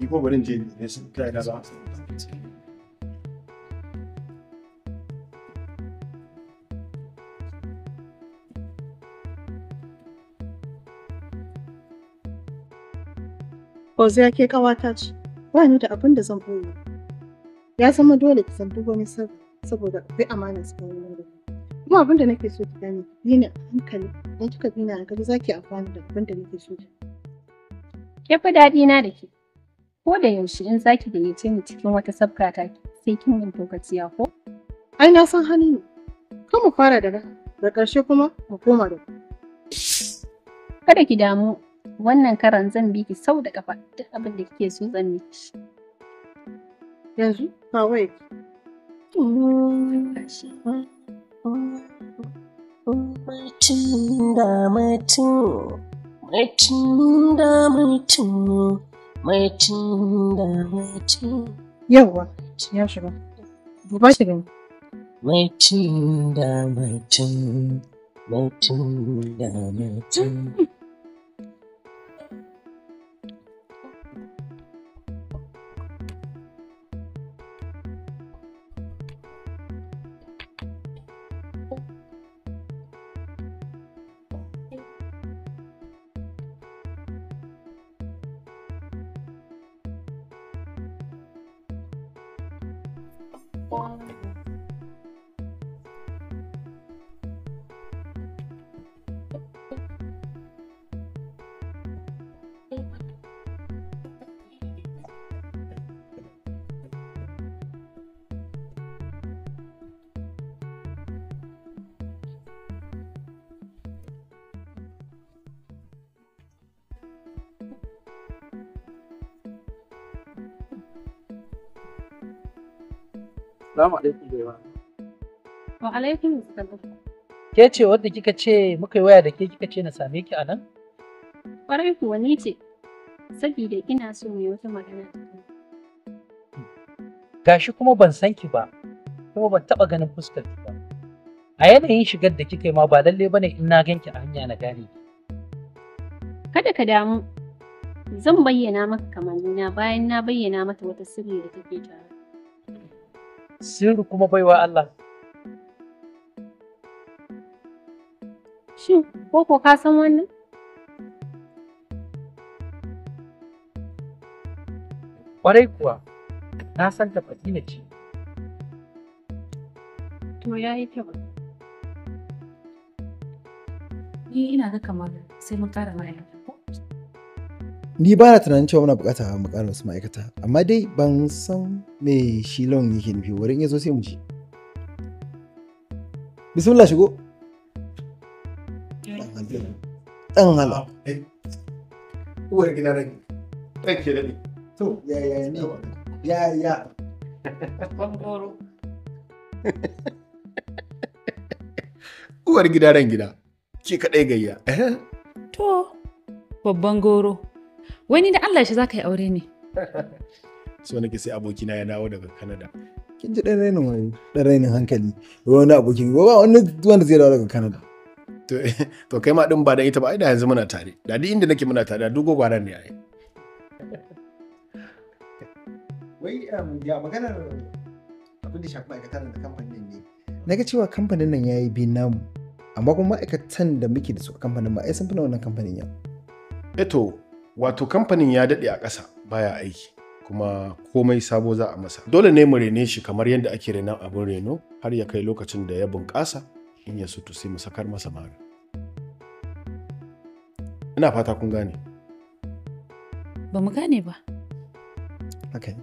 Ni ko bari in je ne sai kai na za a ya ke ƙawata ce, ba ni da abin da zan ɓoye. Ya zama dole ki zambi wani sabu saboda akwai amana tsakanin da Kuma abin da nake so ki gani ni ne a hankali, idan kika bi na a hankali za ki amfani da abin da nake so ki. Ke fi daɗi na da ke. Ko da yaushe in zaki da yace ni cikin wata sabka ta sai kin yi tokaciya ko? Ai na san hali ne. Kan mu fara da da ƙarshe kuma mu koma da ku. Kada ki damu, Wannan karan zan bi ki sau da kafa duk abin da kike so zan miki. Yanzu na wai. Mutum da mutum, mutum da mutum, ya shiga. Ba shi gani. Mutum da mutum, mutum da mutum. Assalamu alaikum baiwa. Wa alaikum assalam. Ke ce wadda kika ce muka yi waya da ke kika ce na same ki a nan? kuwa ni ce, saboda ina so mai wata magana. Gashi kuma ban san ki ba, kuma ban taɓa ganin fuskar ki ba. A yanayin shigar da kika yi ma ba lalle bane in na ganki a hanya na gane Kada ka damu, zan bayyana maka kamannina bayan na bayyana mata wata sirri da take tare. sirri kuma baiwa Allah. Shin, ko ka san wannan? Kwarai kuwa, na san ta na ce. To ya yi kyau. Ni ina ga kamar sai mun ƙara ma'aikata. ni ba na tunanin cewa muna bukata mu ƙara wasu ma'aikata amma dai ban san me shi lon yake nufi wurin ya zo sai mu ji bismillah shigo dan hala eh. uwar gina rai ɗan ke daɗi to ya ya ne ya ya ɓangoro uwar gida ran gida ke kadai gayya eh? to babban goro Wani da Allah shi za ka yi aure ne. So nake sai abokina ya dawo daga Canada. Kin ji ɗan rainin wani ɗan rainin hankali. Wani abokin ba wani wanda zai dawo daga Canada. To kai ma ɗin ba da ita ba ai da yanzu muna tare. Da duk inda nake muna tare da duk gobara ne ai. Wai um, ya maganar abin da shafi ma'aikatar da kamfanin ne. Na ga cewa kamfanin nan ya yi bin namu. Amma kuma ma'aikatan da muke da su a kamfanin ma, ai sun fi na wannan kamfanin yau. Eto eh wato kamfanin ya daɗe a ƙasa baya aiki kuma komai sabo za a masa dole ne mu rene shi kamar yadda ake renon abin reno har ya kai lokacin da ya bunƙasa in ya sutu sai mu sakar masa mara ina fata kun gane ba mu gane ba haka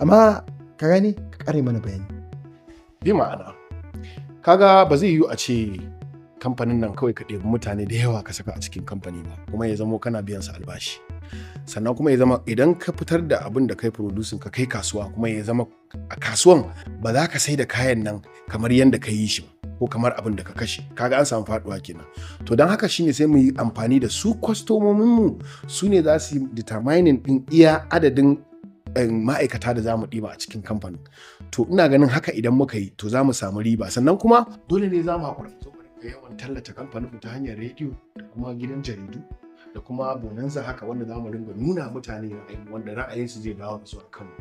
amma ka gane ka ƙare mana bayani bi ma'ana kaga ba zai yiwu a ce kamfanin nan kawai ka ɗebi mutane da yawa ka saka a cikin kamfani ba kuma ya zamo kana biyan su albashi sannan kuma ya zama idan ka fitar da abin da kai producing ka kai kasuwa kuma ya zama a kasuwan ba za ka sai da kayan nan kamar yadda ka yi shi ko kamar abin da ka kashe kaga an samu faduwa kenan to don haka shine sai mu yi amfani da su kwastomomin mu su ne za su yi determining din iya adadin eh, ma'aikata da za mu ɗiba a cikin kamfanin to ina ganin haka idan muka yi to za mu samu riba sannan kuma dole ne za mu haƙura yawan tallata kamfaninmu ta hanyar rediyo da kuma gidan jaridu da kuma bonanza haka wanda za mu ringa nuna mutane ra'ayi wanda ra'ayinsu zai dawo da su a kanmu.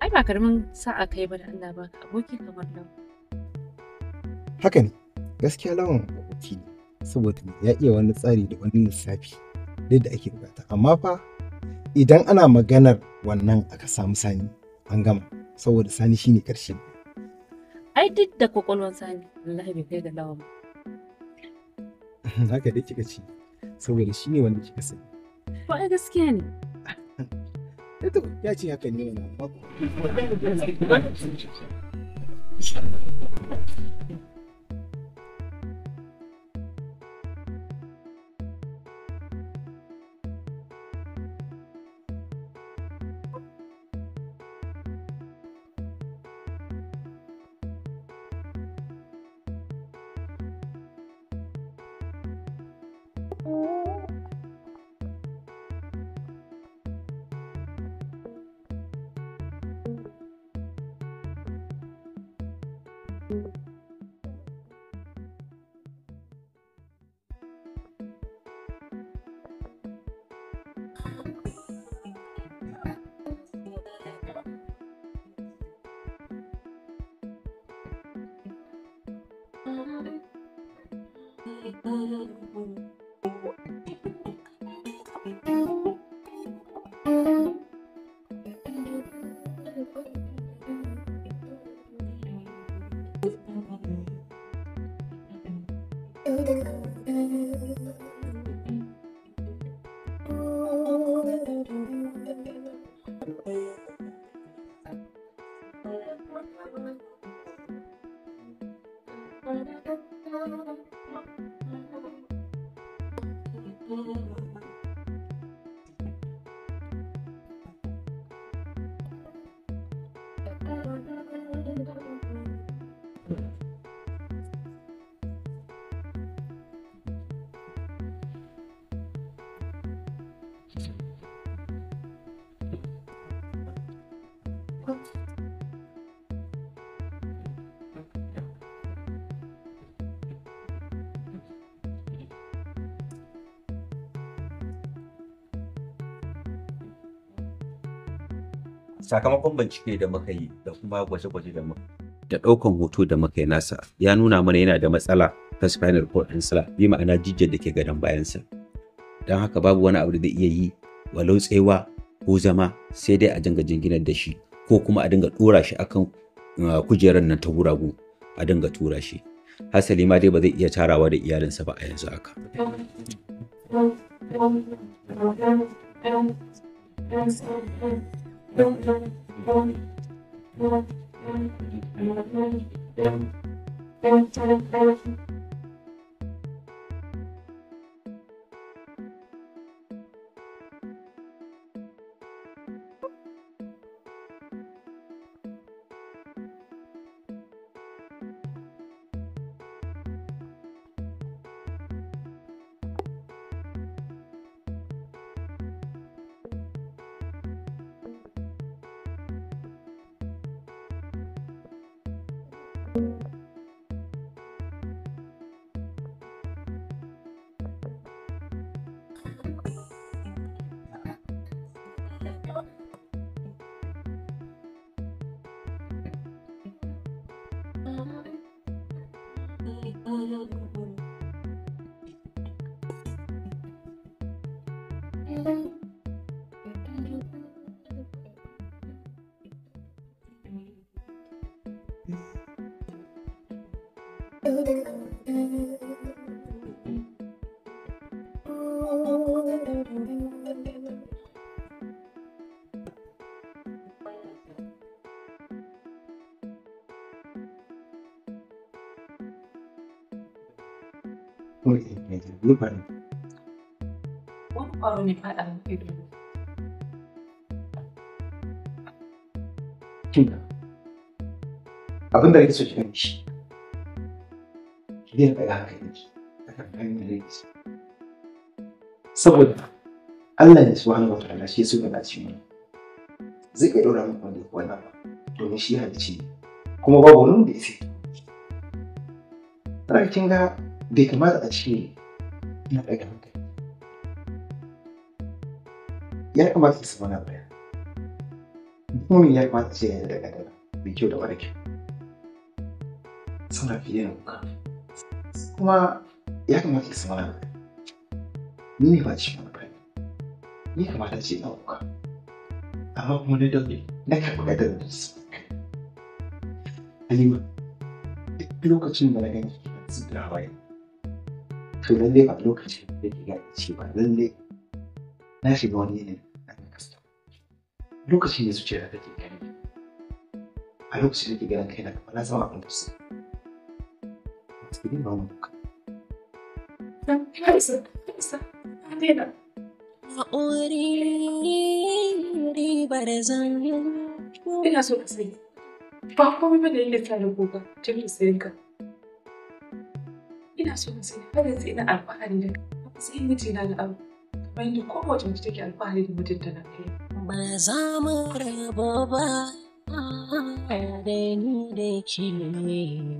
Ai ba karamin sa'a kai ba da Allah ba ka aboki kamar nan. Haka ne, gaskiya lawan aboki ne, saboda ya iya wani tsari da wani lissafi duk da ake bukata, amma fa idan ana maganar wannan aka samu sani an gama saboda sani shine karshe Ai duk da kwakwalwar sani wallahi bai kai ga lawa ba. Haka dai kika ce saboda shine wanda kika sani. Ba ai gaskiya ne. Ito eh ya ce haka ne wannan. どうぞ。sakamakon bincike da muka yi da kuma gwaje-gwaje da muka da ɗaukan hoto da muka yi nasa ya nuna mana yana da matsala ta spinal cord insula bi ma'ana jijiyar da ke gadon bayansa don haka babu wani abu da iya yi walau tsewa ko zama sai dai a dinga jinginar da shi ko kuma a dinga ɗora shi akan kujerar nan ta guragu a dinga tura shi hasali ma dai ba zai iya tarawa da iyalinsa ba a yanzu haka Thank you. Thank you. Wani ƙwaro ne faɗa min ido. Kinga, abin da ake so kiran shi, ki daina ɗaga hankali ki akan hanyar da yake Saboda Allah ne su subhanahu wa ta'ala shi ya so yana ci mu. Zai iya ɗora muku wanda kuwa na domin shi halicci kuma babu wani da ya fi. Tana kin ga bai kamata a ce ina ɗaga hankali ya kamata su mana baya mutumin ya kamata a ce yana daga ɗaga mai kyau da mara kyau suna fiye da kuka kuma ya kamata su mana baya ni ne ba cikin baya ni kamata ce na kuka amma kuma na dauke na karɓi ɗaga da su Halima, duk lokacin da na gani sun da yi. to lallai a lokacin da ke gane ce ba lalle na shiga wani yanayi na kasta lokacin da zuciya take gane a lokacin da ke gani kai na kama na zama abin kusa da su ba mu duka Ina so ka sani. Ba kuma bane da yin da tare gobe, tun da sayanka. ina so na sani har yanzu ina alfahari da sai matsayin mijina na abu kamar yadda kowace mace take alfahari da mijinta na kai. Ba za mu rabu ba da ni da ke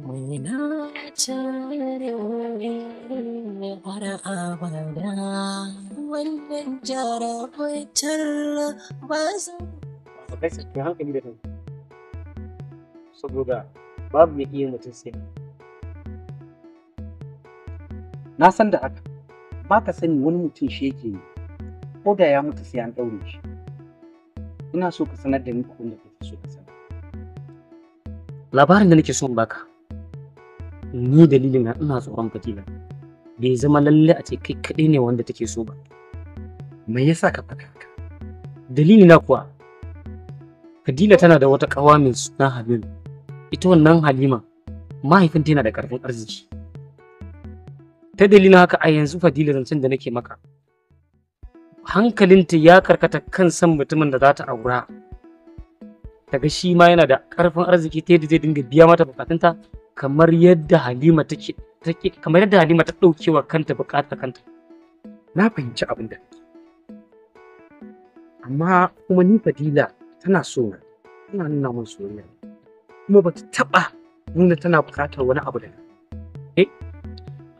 muna tare har abada wannan jarabtar ba za mu. Ka hankali Saboda babu mai iya mutum sai na san da haka ba ka sani wani mutum shi yake ne ko da ya mutu sai an ɗaure shi ina so ka sanar da ni abin da kake so ka sanar labarin da nake son baka ni dalilin na ina tsoron fatila bai zama lalle a ce kai kaɗai ne wanda take so ba me yasa ka faɗa haka dalili na kuwa Fadila tana da wata ƙawa mai suna Halima, ita wannan Halima mahaifinta yana da ƙarfin arziki ta dalilin haka a yanzu fadila zancen da nake maka hankalinta ya karkata kan san mutumin da za ta aura daga shi ma yana da karfin arziki ta yadda zai dinga biya mata bukatunta kamar yadda halima take take kamar yadda halima ta daukewa kanta bukatar kanta na fahimci abin da amma kuma ni fadila tana so na tana nuna min soyayya kuma ba ta taba nuna tana bukatar wani abu da eh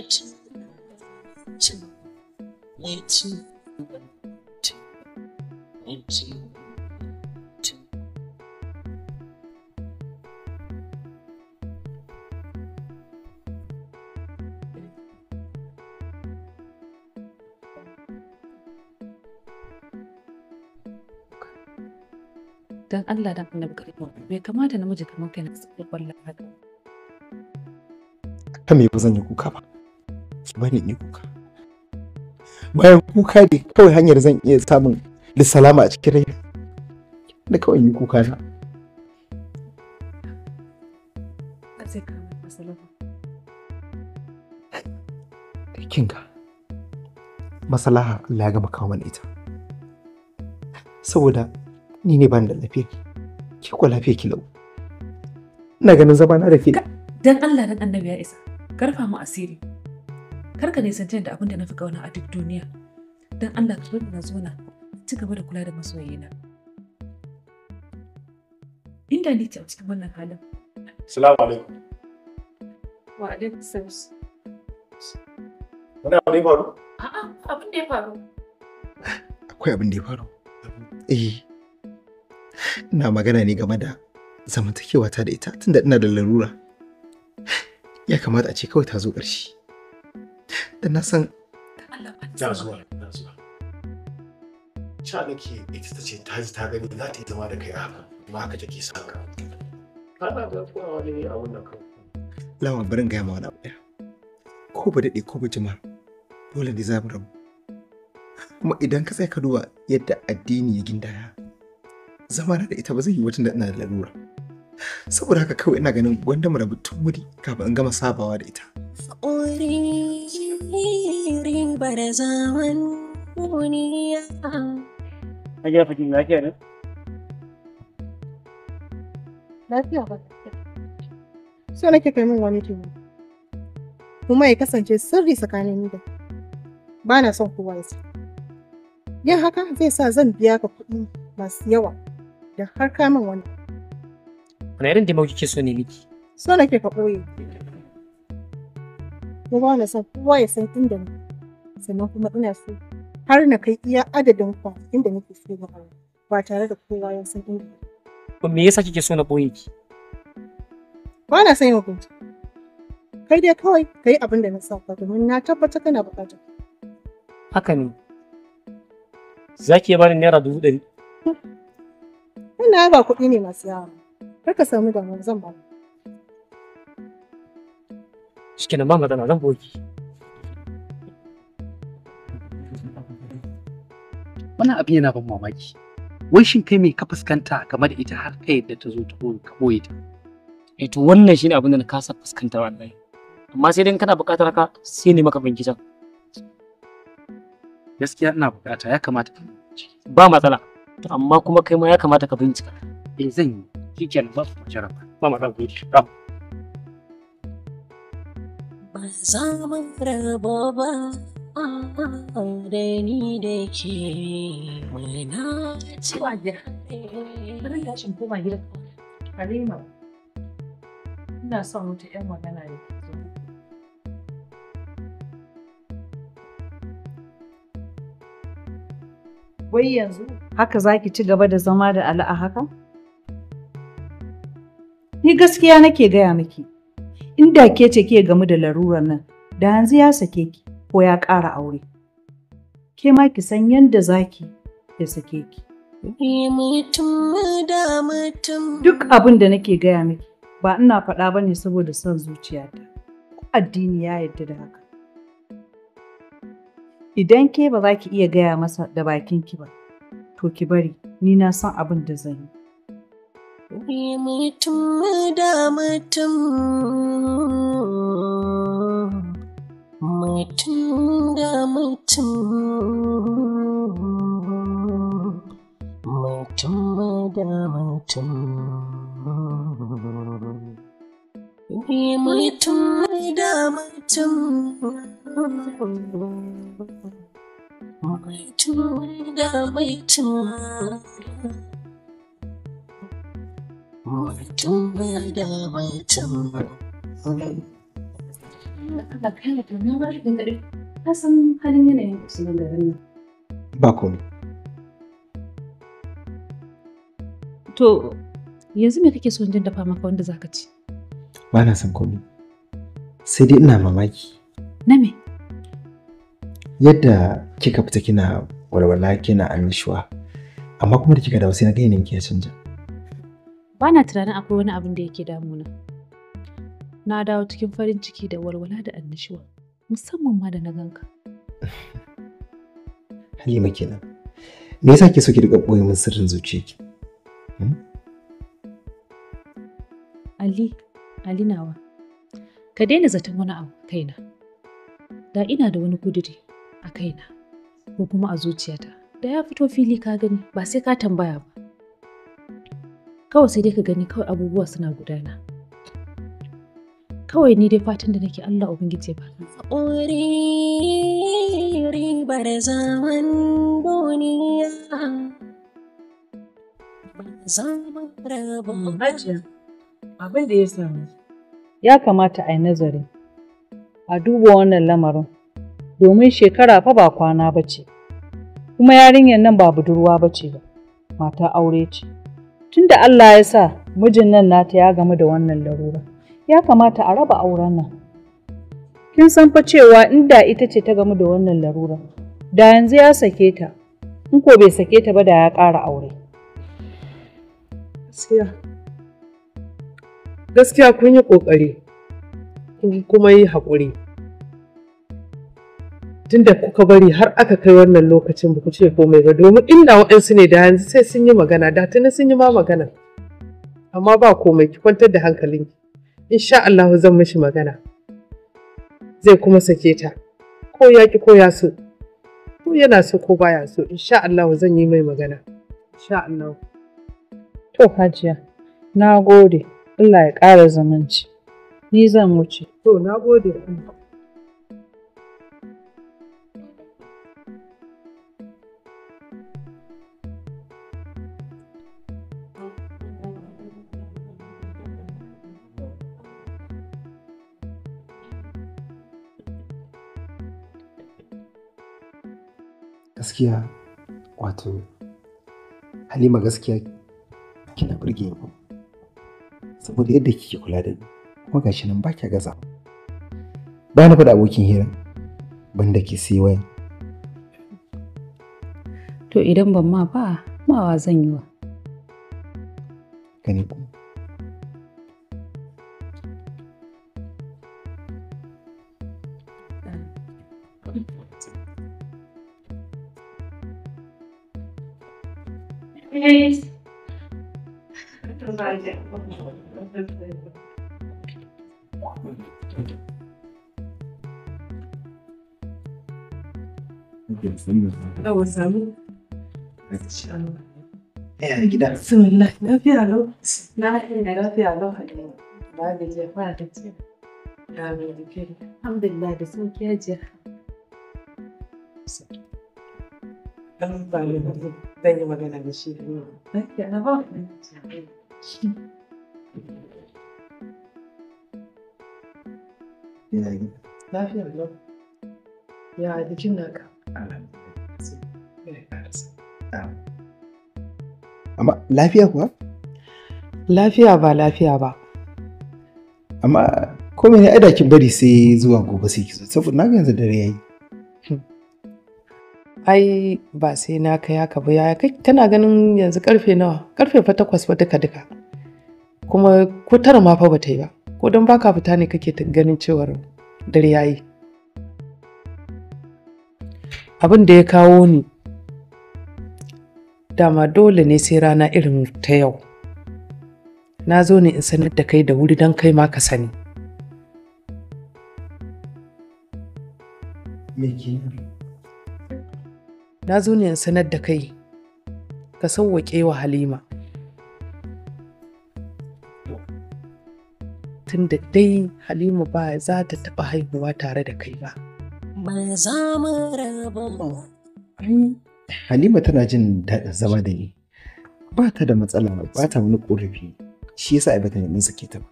right to eighteen to nineteen. don Allah dan annabi karfa bai kamata namiji kamar kai na tsoro wallahi haka. Ta me ba zan yi kuka ba. ki bani in yi kuka bayan kuka ne kawai hanyar zan iya samun lissalama a cikin rai, da kawai yi kuka na eh, kinga masalaha Allah ya gama kawo mana ita saboda ni ne bani da lafiya ki ko lafiya ki lau ina ganin zama na da dan Allah dan annabi ya isa karfa mu asiri kar ka nisanci da abin da na fi kauna a duk duniya don Allah ka bari na zona ci gaba da kula da masoyina inda ni ce a cikin wannan halin salamu alaikum wa alaikum salam wani abu da ya faru a'a abin da ya faru akwai abin da ya faru eh ina magana ne game da zamantakewa ta da ita tunda ina da larura ya kamata a ce kawai ta zo ƙarshe da na san da zuwa da ta ce ta gani za yi zama da kai kuma sa ka da kowa a wannan kan lawan barin gaya ma wani abu ɗaya ko ba daɗe ko ba jima dole ne za mu rabu kuma idan ka tsaya ka duba yadda addini ya gindaya zama da ita ba zai yi wajen da ina da lalura saboda haka kawai ina ganin gwanda mu rabu tun wuri kafin in gama sabawa da ita. alherin barzawan duniya. Hajiya fakin lafiya ne? Lafiya ba. So nake kai min wani kiwo. Kuma ya kasance sirri tsakanin ni da ba na son kowa ya Yin haka zai sa zan biya ka kuɗi masu yawa da har kamin wani. Wani irin taimako kike so ne miki? So nake ka ɓoye. kuma na son kowa ya san inda na sannan kuma ina so har na kai iya adadin kwa inda nake so ba ba tare da kowa ya san inda me yasa kike so na boye ki ba na son yin hukunci kai dai kawai ka yi abin da na sa ka domin na tabbata kana bukata haka ne zaki bani naira dubu ɗari ina ba kuɗi ne masu yawa kar ka samu damuwa zan ba mu Shikenan ba magana zan boki. Wannan abin yana ban mamaki. Wai shin kai mai ka fuskanta game da ita har kai da ta zo ta ka boye ta? Eh to wannan shine abin da na kasa fuskanta wallahi. Amma sai dan kana buƙatar ka, sai ne maka binciken. Gaskiya ina buƙata ya kamata ka Ba matsala. To Amma kuma kai ma ya kamata ka bincika. Eh zan yi. Shikenan ba matsala. Ba matsala. ba za mu rabo ba da ni da ke muna cewa gida bari ya shin koma gida halima ina son wata yan magana ne wai yanzu haka zaki ci gaba da zama da ala'a haka ni gaskiya nake gaya miki In inda ke ce ke gamu da larurar nan da yanzu ya sake ki ko ya ƙara aure ke ma ki san yadda zaki ya sake ki duk abin da nake gaya miki ba ina faɗa ba ne saboda son zuciyata ko addini ya yadda da haka idan ke ba za ki iya gaya masa da bakinki ba to ki bari ni na san abin da zan yi mutum da mutum mutum da mutum mutum da mutum mutum da mutum mutum da mutum mutum bai da bai can kai da tunan ba shi gari ka san halin yanayin kusa na garin ba komai to yanzu me kake son jin dafa maka wanda zaka ci ba na san komai sai dai ina mamaki na me yadda kika fita kina walwala kina annishuwa amma kuma da kika dawo sai na ganin yanayin ki ya canja ba na tunanin akwai wani abin da yake damuna. Na dawo cikin farin ciki da walwala da annashuwa, musamman ma da na ganka. Halima kenan. Me yasa ke so ki riƙa koyi min sirrin zuciyarki? Hmm? Ali, Ali nawa. Ka daina zaton wani abu kaina. Da ina da wani kudiri a kaina ko kuma a zuciyata. Da ya fito fili ka gani ba sai ka tambaya ba. kawai sai dai ka gani kawai abubuwa suna gudana kawai ni dai fatan da nake Allah ubangiji ya baka ƙuri ribar zaman duniya zaman rabu mm, abin da ya samu ya kamata a yi nazari a duba wannan lamarin domin shekara fa ba kwana ba ce kuma yarinyar nan ba budurwa ba ce ba mata aure ce Tunda Allah ya sa mijin nan nata ya gamu da wannan larura, ya kamata a raba auren nan. Kin san fa cewa inda ita ce ta gamu da wannan larura, da yanzu ya sake ta, in ko bai sake ta ba da ya ƙara aure. Gaskiya. Gaskiya kun yi ƙoƙari, kun kuma yi haƙuri. tun da kuka bari har aka kai wannan lokacin ba ku ce komai ba domin inda waɗansu ne da yanzu sai sun yi magana da tuni sun yi ma magana amma ba komai ki kwantar da hankalinki insha Allah zan mishi magana zai kuma sake ta ko ya ki ko ya so ko yana so ko baya so insha Allah zan yi mai magana insha Allah to hajiya na gode Allah ya ƙara zamanci ni zan wuce to na gode Gaskiya wato Halima gaskiya kina burge ni saboda yadda kike kula da ni kuma gashi nan ba kya gaza. Ba na abokin hira banda ke sai waya. To idan ban ma ba, mawa zan yi wa. Yawa sami. Ya gida. lafiya Na haɗe da lafiya lau haɗe. Ba ba Ya mai Alhamdulillah da sauki ya jiya. Dan ba zan yi magana da shi. Lafiya na ba. Ina gida. Lafiya lau. Ya jikin naka. Alhamdulillah. Amma lafiya kuwa? Lafiya ba lafiya ba. Amma ko mene adakin bari sai zuwa gobe sai ki zo saboda na ga yanzu dare yayi. Ai ba sai na kai haka ba yaya kai kana ganin yanzu karfe nawa? Karfe fa takwas ba duka duka. Kuma ko tara ma fa ta yi ba. Ko don baka fita ne kake ganin cewar dare yayi. Abin da ya kawo ni dama dole ne sai rana irin ta yau na zo ne in sanar da kai da wuri don kai ma ka sani na zo ne in sanar da kai ka sauwaƙe wa halima tun da dai halima ba za ta taɓa haihuwa tare da kai ba ba za mu hmm? Halima tana jin daɗin zama da ni. Ba ta da matsala ba ta wani ƙorafi shi yasa ai bata neman sake ta ba.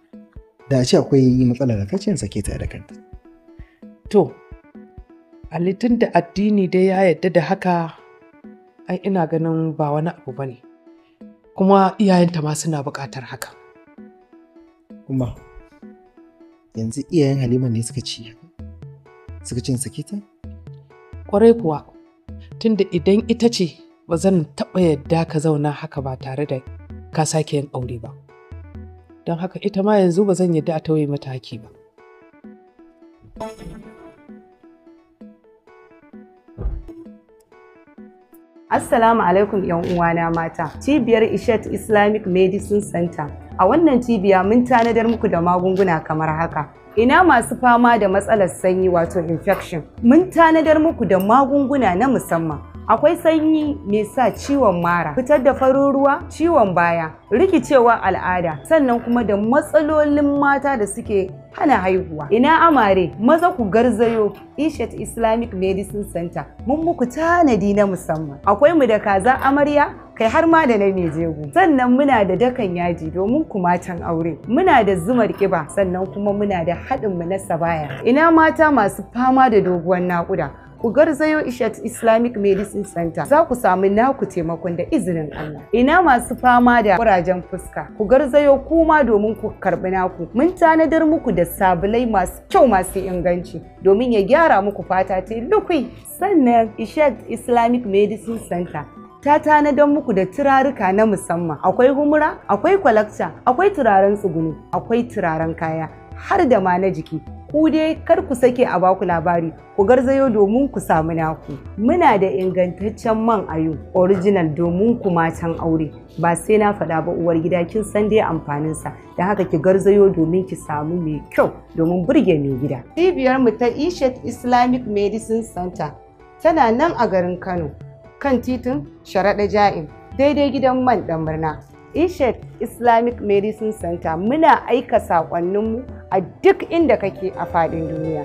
Da a ce akwai matsala da kacin sake ta da kanta. To, halittun da addini dai ya yarda da haka ai ina ganin ba wani abu ba ne. Kuma iyayenta ma suna buƙatar haka. Kuma yanzu iyayen Halima ne suka ci suka cin sake ta? Ƙwarai kuwa. tunda idan ita ce ba zan taɓa yadda ka zauna haka ba tare da ka sake yin aure ba don haka ita ma yanzu ba zan yadda a tauye mata haki ba Assalamu alaikum uwana mata. Cibiyar Ishet Islamic Medicine Center. A wannan cibiya mun tanadar muku da magunguna kamar haka. ina masu fama da matsalar sanyi wato infection mun tanadar muku da magunguna na musamman akwai sanyi mai sa ciwon mara fitar da farin ruwa ciwon baya rikicewa al'ada sannan kuma da matsalolin mata da suke hana haihuwa ina amare maza ku garzayo ishet islamic medicine center mun muku tanadi na musamman akwai mu da kaza amarya kai har ma da na mai jego sannan muna da dakan yaji domin kumatan aure muna da zumar kiba sannan kuma muna da haɗin mu na sabaya ina mata masu fama da doguwar naƙuda ku garzayo Ishat Islamic Medicine Center za ku samu naku taimakon da izinin Allah. Ina masu fama da kurajen fuska, ku garzayo kuma domin ku karɓi naku. Mun tanadar muku da sabulai masu kyau masu inganci domin ya gyara muku fata ta lukui. Sannan Ishat Islamic Medicine Center ta don muku da turaruka na musamman akwai humura akwai kwalakta akwai turaren tsuguni, akwai turaren kaya har da ma na jiki ku dai kar ku sake a baku labari ku garzayo domin ku samu naku muna da ingantaccen man ayo original domin ku matan aure ba sai na faɗa ba uwar gida kin san dai amfanin sa da haka ki garzayo domin ki samu mai kyau domin burge mai gida cibiyar mu ta Ishet Islamic Medicine Center tana nan a garin Kano kan titin sharaɗa ja'in daidai gidan man ɗan murna ishet islamic medicine center muna aika saƙonninmu a duk inda kake a faɗin duniya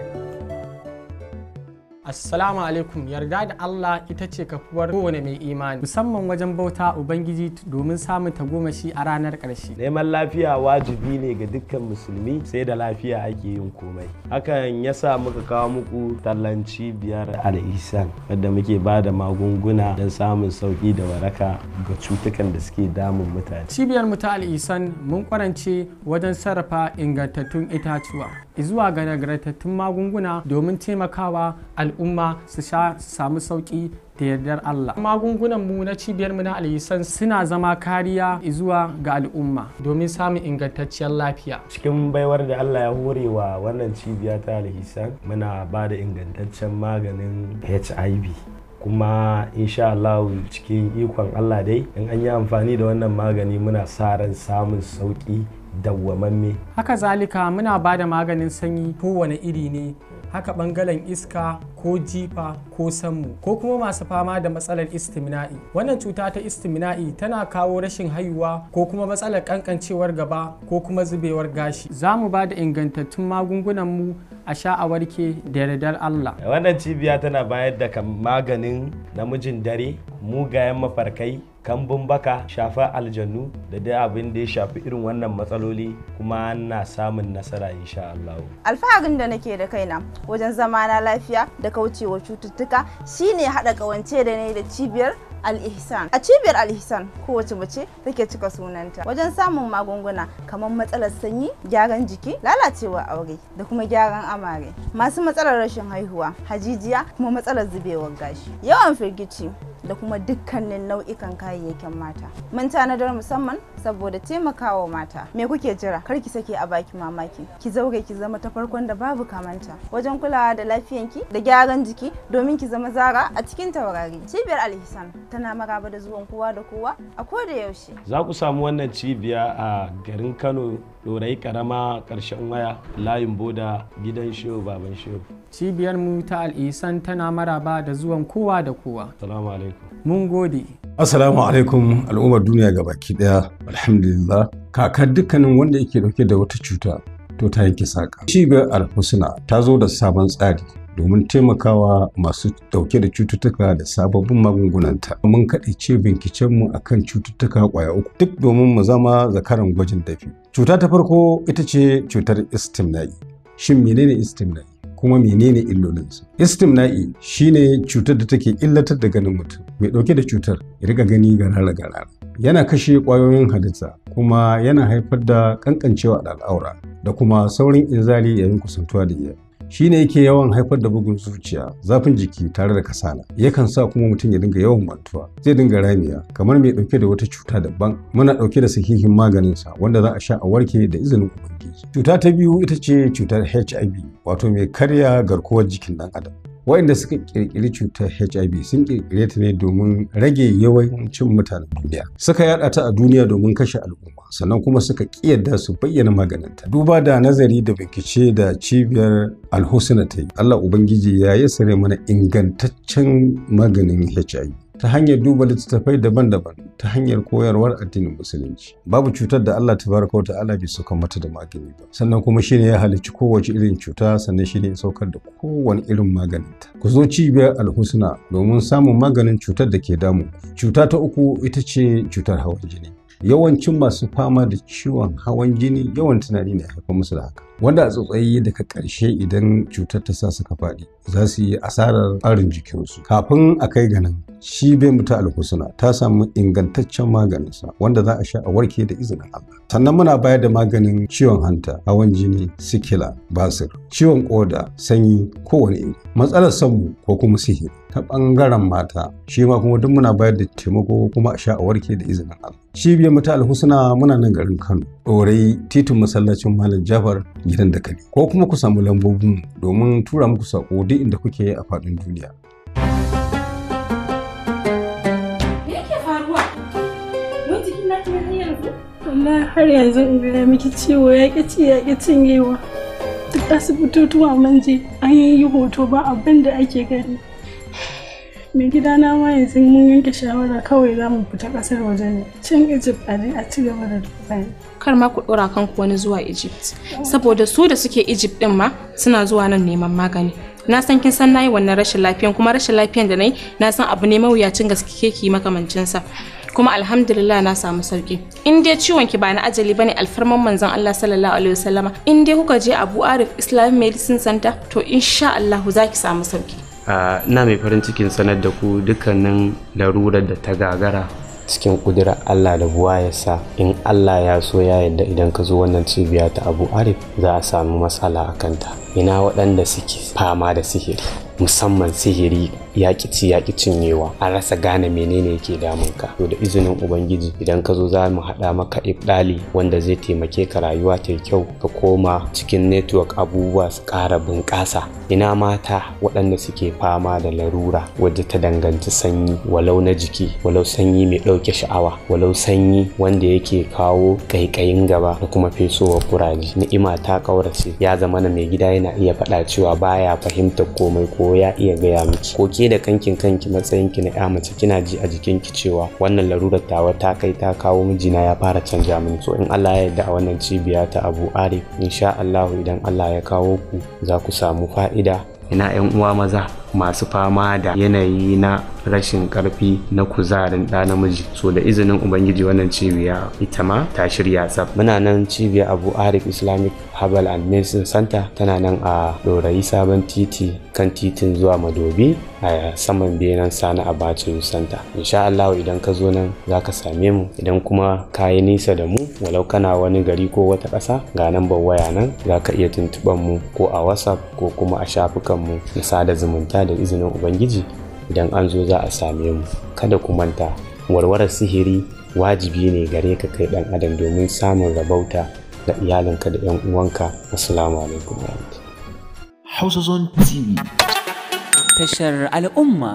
Assalamu alaikum yarda da Allah ita ce kafuwar kowane mai imani musamman wajen bauta Ubangiji domin samun tagomashi a ranar ƙarshe. Neman lafiya wajibi ne ga dukkan musulmi sai da lafiya ake yin komai. Hakan ya sa muka kawo muku tallanci biyar al'isan wadda muke ba da magunguna don samun sauki da waraka ga cutukan da suke damun mutane. Cibiyar mu ta al'isan mun kwarance wajen sarrafa ingantattun itatuwa. Izuwa ga nagartattun magunguna domin taimakawa al al'umma su sha samu sauki da yardar Allah. Magungunan mu na cibiyar mu na Alisan suna zama kariya zuwa ga al'umma domin samun ingantacciyar lafiya. Cikin baiwar da Allah ya hore wa wannan cibiya ta Alisan muna ba da ingantaccen maganin HIV. kuma insha Allah cikin ikon Allah dai in an yi amfani da wannan magani muna sa ran samun sauki dawwamamme. Haka zalika muna ba da maganin sanyi kowane iri ne, haka bangaren iska ko jifa ko sanmu ko kuma masu fama da matsalar istimina'i wannan cuta ta istimina'i tana kawo rashin haihuwa ko kuma matsalar kankancewar gaba ko kuma zubewar gashi za mu ba da ingantattun magungunan mu a sha a warke da yardar Allah wannan cibiya tana bayar da maganin namijin dare mugayen mafarkai kambun baka shafa aljannu da dai abin da ya shafi irin wannan matsaloli kuma ana samun nasara insha Allah alfaharin da nake da kaina wajen zama na lafiya da kaucewa cututtuka shine haɗa ƙawance da ne da cibiyar Al-Ihsan. A cibiyar al kowace mace take cika sunanta wajen samun magunguna kamar matsalar sanyi, gyaran jiki, lalacewar aure da kuma gyaran amare. Masu matsalar rashin haihuwa, hajijiya kuma matsalar zubewar gashi. Yawan firgici da kuma dukkanin nau'ikan kayayyakin mata. Mun tanadar musamman saboda taimakawa mata. Me kuke jira? Kar ki sake a baki mamaki. Ki zaure ki zama ta farkon da babu kamanta. Wajen kulawa da lafiyanki da gyaran jiki domin ki zama zara a cikin taurari. Cibiyar Alhisan tana maraba da zuwan kowa da kowa a koda yaushe za ku samu wannan cibiya a garin kano dorai karama ƙarshen waya layin boda gidan shehu baban shehu cibiyar mu ta al'isan tana maraba da zuwan kowa da kowa assalamu alaikum mun gode assalamu alaikum al'ummar duniya ga baki ɗaya. alhamdulillah kakar dukkanin wanda yake dauke da wata cuta to ta yanke saka cibiyar alhusna ta zo da sabon tsari domin taimakawa masu dauke da cututtuka da sababbin magungunanta. Mun kaɗaice bincikenmu a kan cututtuka ƙwaya uku duk domin mu zama zakaran gwajin dafi. Cuta ta farko ita ce cutar istimna'i. Shin menene istimna'i? kuma menene illolinsu istimna'i shine cutar da take illatar da ganin mutum mai dauke da cutar ya riga gani garara garara yana kashe ƙwayoyin halitta kuma yana haifar da kankancewa da al'aura da kuma saurin inzali yayin kusantuwa da iyali Shi ne yake yawan haifar da bugun zuciya zafin jiki tare da kasala yakan sa kuma mutum ya dinga yawan mantuwa zai dinga ramiya kamar mai dauke da wata cuta daban muna dauke da sahihin maganin sa wanda za a sha a warke da izinin ubangiji cuta ta biyu ita ce cutar HIV wato mai karya garkuwar jikin dan adam waɗanda suka ƙirƙiri cutar HIV sun ƙirƙire ta ne domin rage yawancin mutanen duniya. Suka yaɗa ta a duniya domin kashe al'umma, sannan kuma suka ƙiyarda su bayyana maganinta. Duba da nazari da bincike da cibiyar alhusna ta yi, Allah Ubangiji ya yi sare mana ingantaccen maganin HIV. ta hanyar duba littattafai daban-daban ta hanyar koyarwar addinin musulunci babu cutar da Allah ta baraka wa ta'ala bai saukar mata da magani ba sannan kuma shine ya halicci kowace irin cuta sannan shine ya saukar da kowane irin maganinta ku zo cibiyar alhusna domin samun maganin cutar da ke damu cuta ta uku ita ce cutar hawan jini yawancin masu fama da ciwon hawan jini yawan tunani ne haifa musu da haka wanda a tsotsayi daga karshe idan cutar ta sa suka faɗi za su yi asarar ƙarin jikinsu kafin a kai ga nan shi bai mutu alhusuna, ta samu ingantaccen maganinsa wanda za a sha a warke da izinin Allah sannan muna bayar da maganin ciwon hanta hawan jini sikila basir ciwon koda sanyi kowane iri matsalar sanmu ko kuma sihiri ta ɓangaren mata shi ma kuma duk muna bayar da taimako kuma a sha a warke da izinin Allah cibiyar mu ta alhusna muna nan garin Kano dorai titin masallacin Malam Jafar gidan da ko kuma ku samu lambobin domin tura muku sako duk inda kuke a faɗin duniya na har yanzu in gaya miki ciwo ya ƙi ci ya ƙi cinyewa duk asibitotuwa mun je an yi hoto ba abin da ake gani mai gidana ma yanzu mun yanke shawara kawai za mu fita ƙasar waje ne can egypt a ne a ci gaba da dubai kar ma ku ɗora kanku wani zuwa egypt saboda su da suke egypt ɗin ma suna zuwa nan neman magani na san kin san nayi wannan rashin lafiyan kuma rashin lafiyan da nayi na san abu ne mawuyacin gaske ke ki makamancinsa kuma alhamdulillah na samu sauki in dai ciwon ki ba na ajali bane alfarman manzon Allah sallallahu alaihi wasallama in dai kuka je Abu Arif Islamic Medicine Center to insha Allah za ki samu sauki ah, na mai farin cikin sanar da ku dukkanin larurar da ta gagara cikin kudirar Allah da buwa ya sa in Allah ya so ya yadda idan ka zo wannan cibiya ta Abu Arif za a samu matsala a kanta ina waɗanda suke fama da sihiri musamman sihiri yaƙi ci yaƙi cinyewa An rasa gane menene yake damun ka to da izinin ubangiji idan ka zo za mu haɗa maka ibdali wanda zai taimake ka rayuwa ta kyau ka koma cikin network abubuwa su ƙara bunƙasa ina mata waɗanda suke fama da larura wadda ta danganci sanyi walau na jiki walau sanyi mai ɗauke sha'awa walau sanyi wanda yake kawo ƙaiƙayin gaba da kuma fesowar kuraje ni'ima ta ƙaurace ya zama na mai gida yana iya faɗa cewa baya fahimtar komai ko ko ya iya gaya miki ko ke da kankin kanki matsayin ki na ya mace kina ji a jikin ki cewa wannan larurar tawa ta kai ta kawo mijina ya fara canja mini so in Allah ya yarda a wannan cibiya ta Abu Arif insha Allah idan Allah ya kawo ku za ku samu fa'ida ina yan uwa maza masu fama da yanayi na rashin karfi na kuzarin ɗa namiji so da izinin ubangiji wannan cibiya ita ma ta shirya tsaf muna nan cibiya abu arif islamic herbal and medicine center tana nan a ɗorayi sabon titi kan titin zuwa madobi a saman benin sani abacu center insha allah idan ka zo nan za ka same mu idan kuma ka yi nisa da mu walau kana wani gari ko wata ƙasa ga nan waya nan za ka iya tuntuɓan mu ko a whatsapp ko kuma a shafukan mu na sada zumunta da izinin ubangiji idan an zo za a same mu kada ku manta warwarar sihiri wajibi ne gare ka kai ɗan adam domin samun rabauta ga iyalinka da yan uwanka assalamu alaikum hausa zone tv tashar al'umma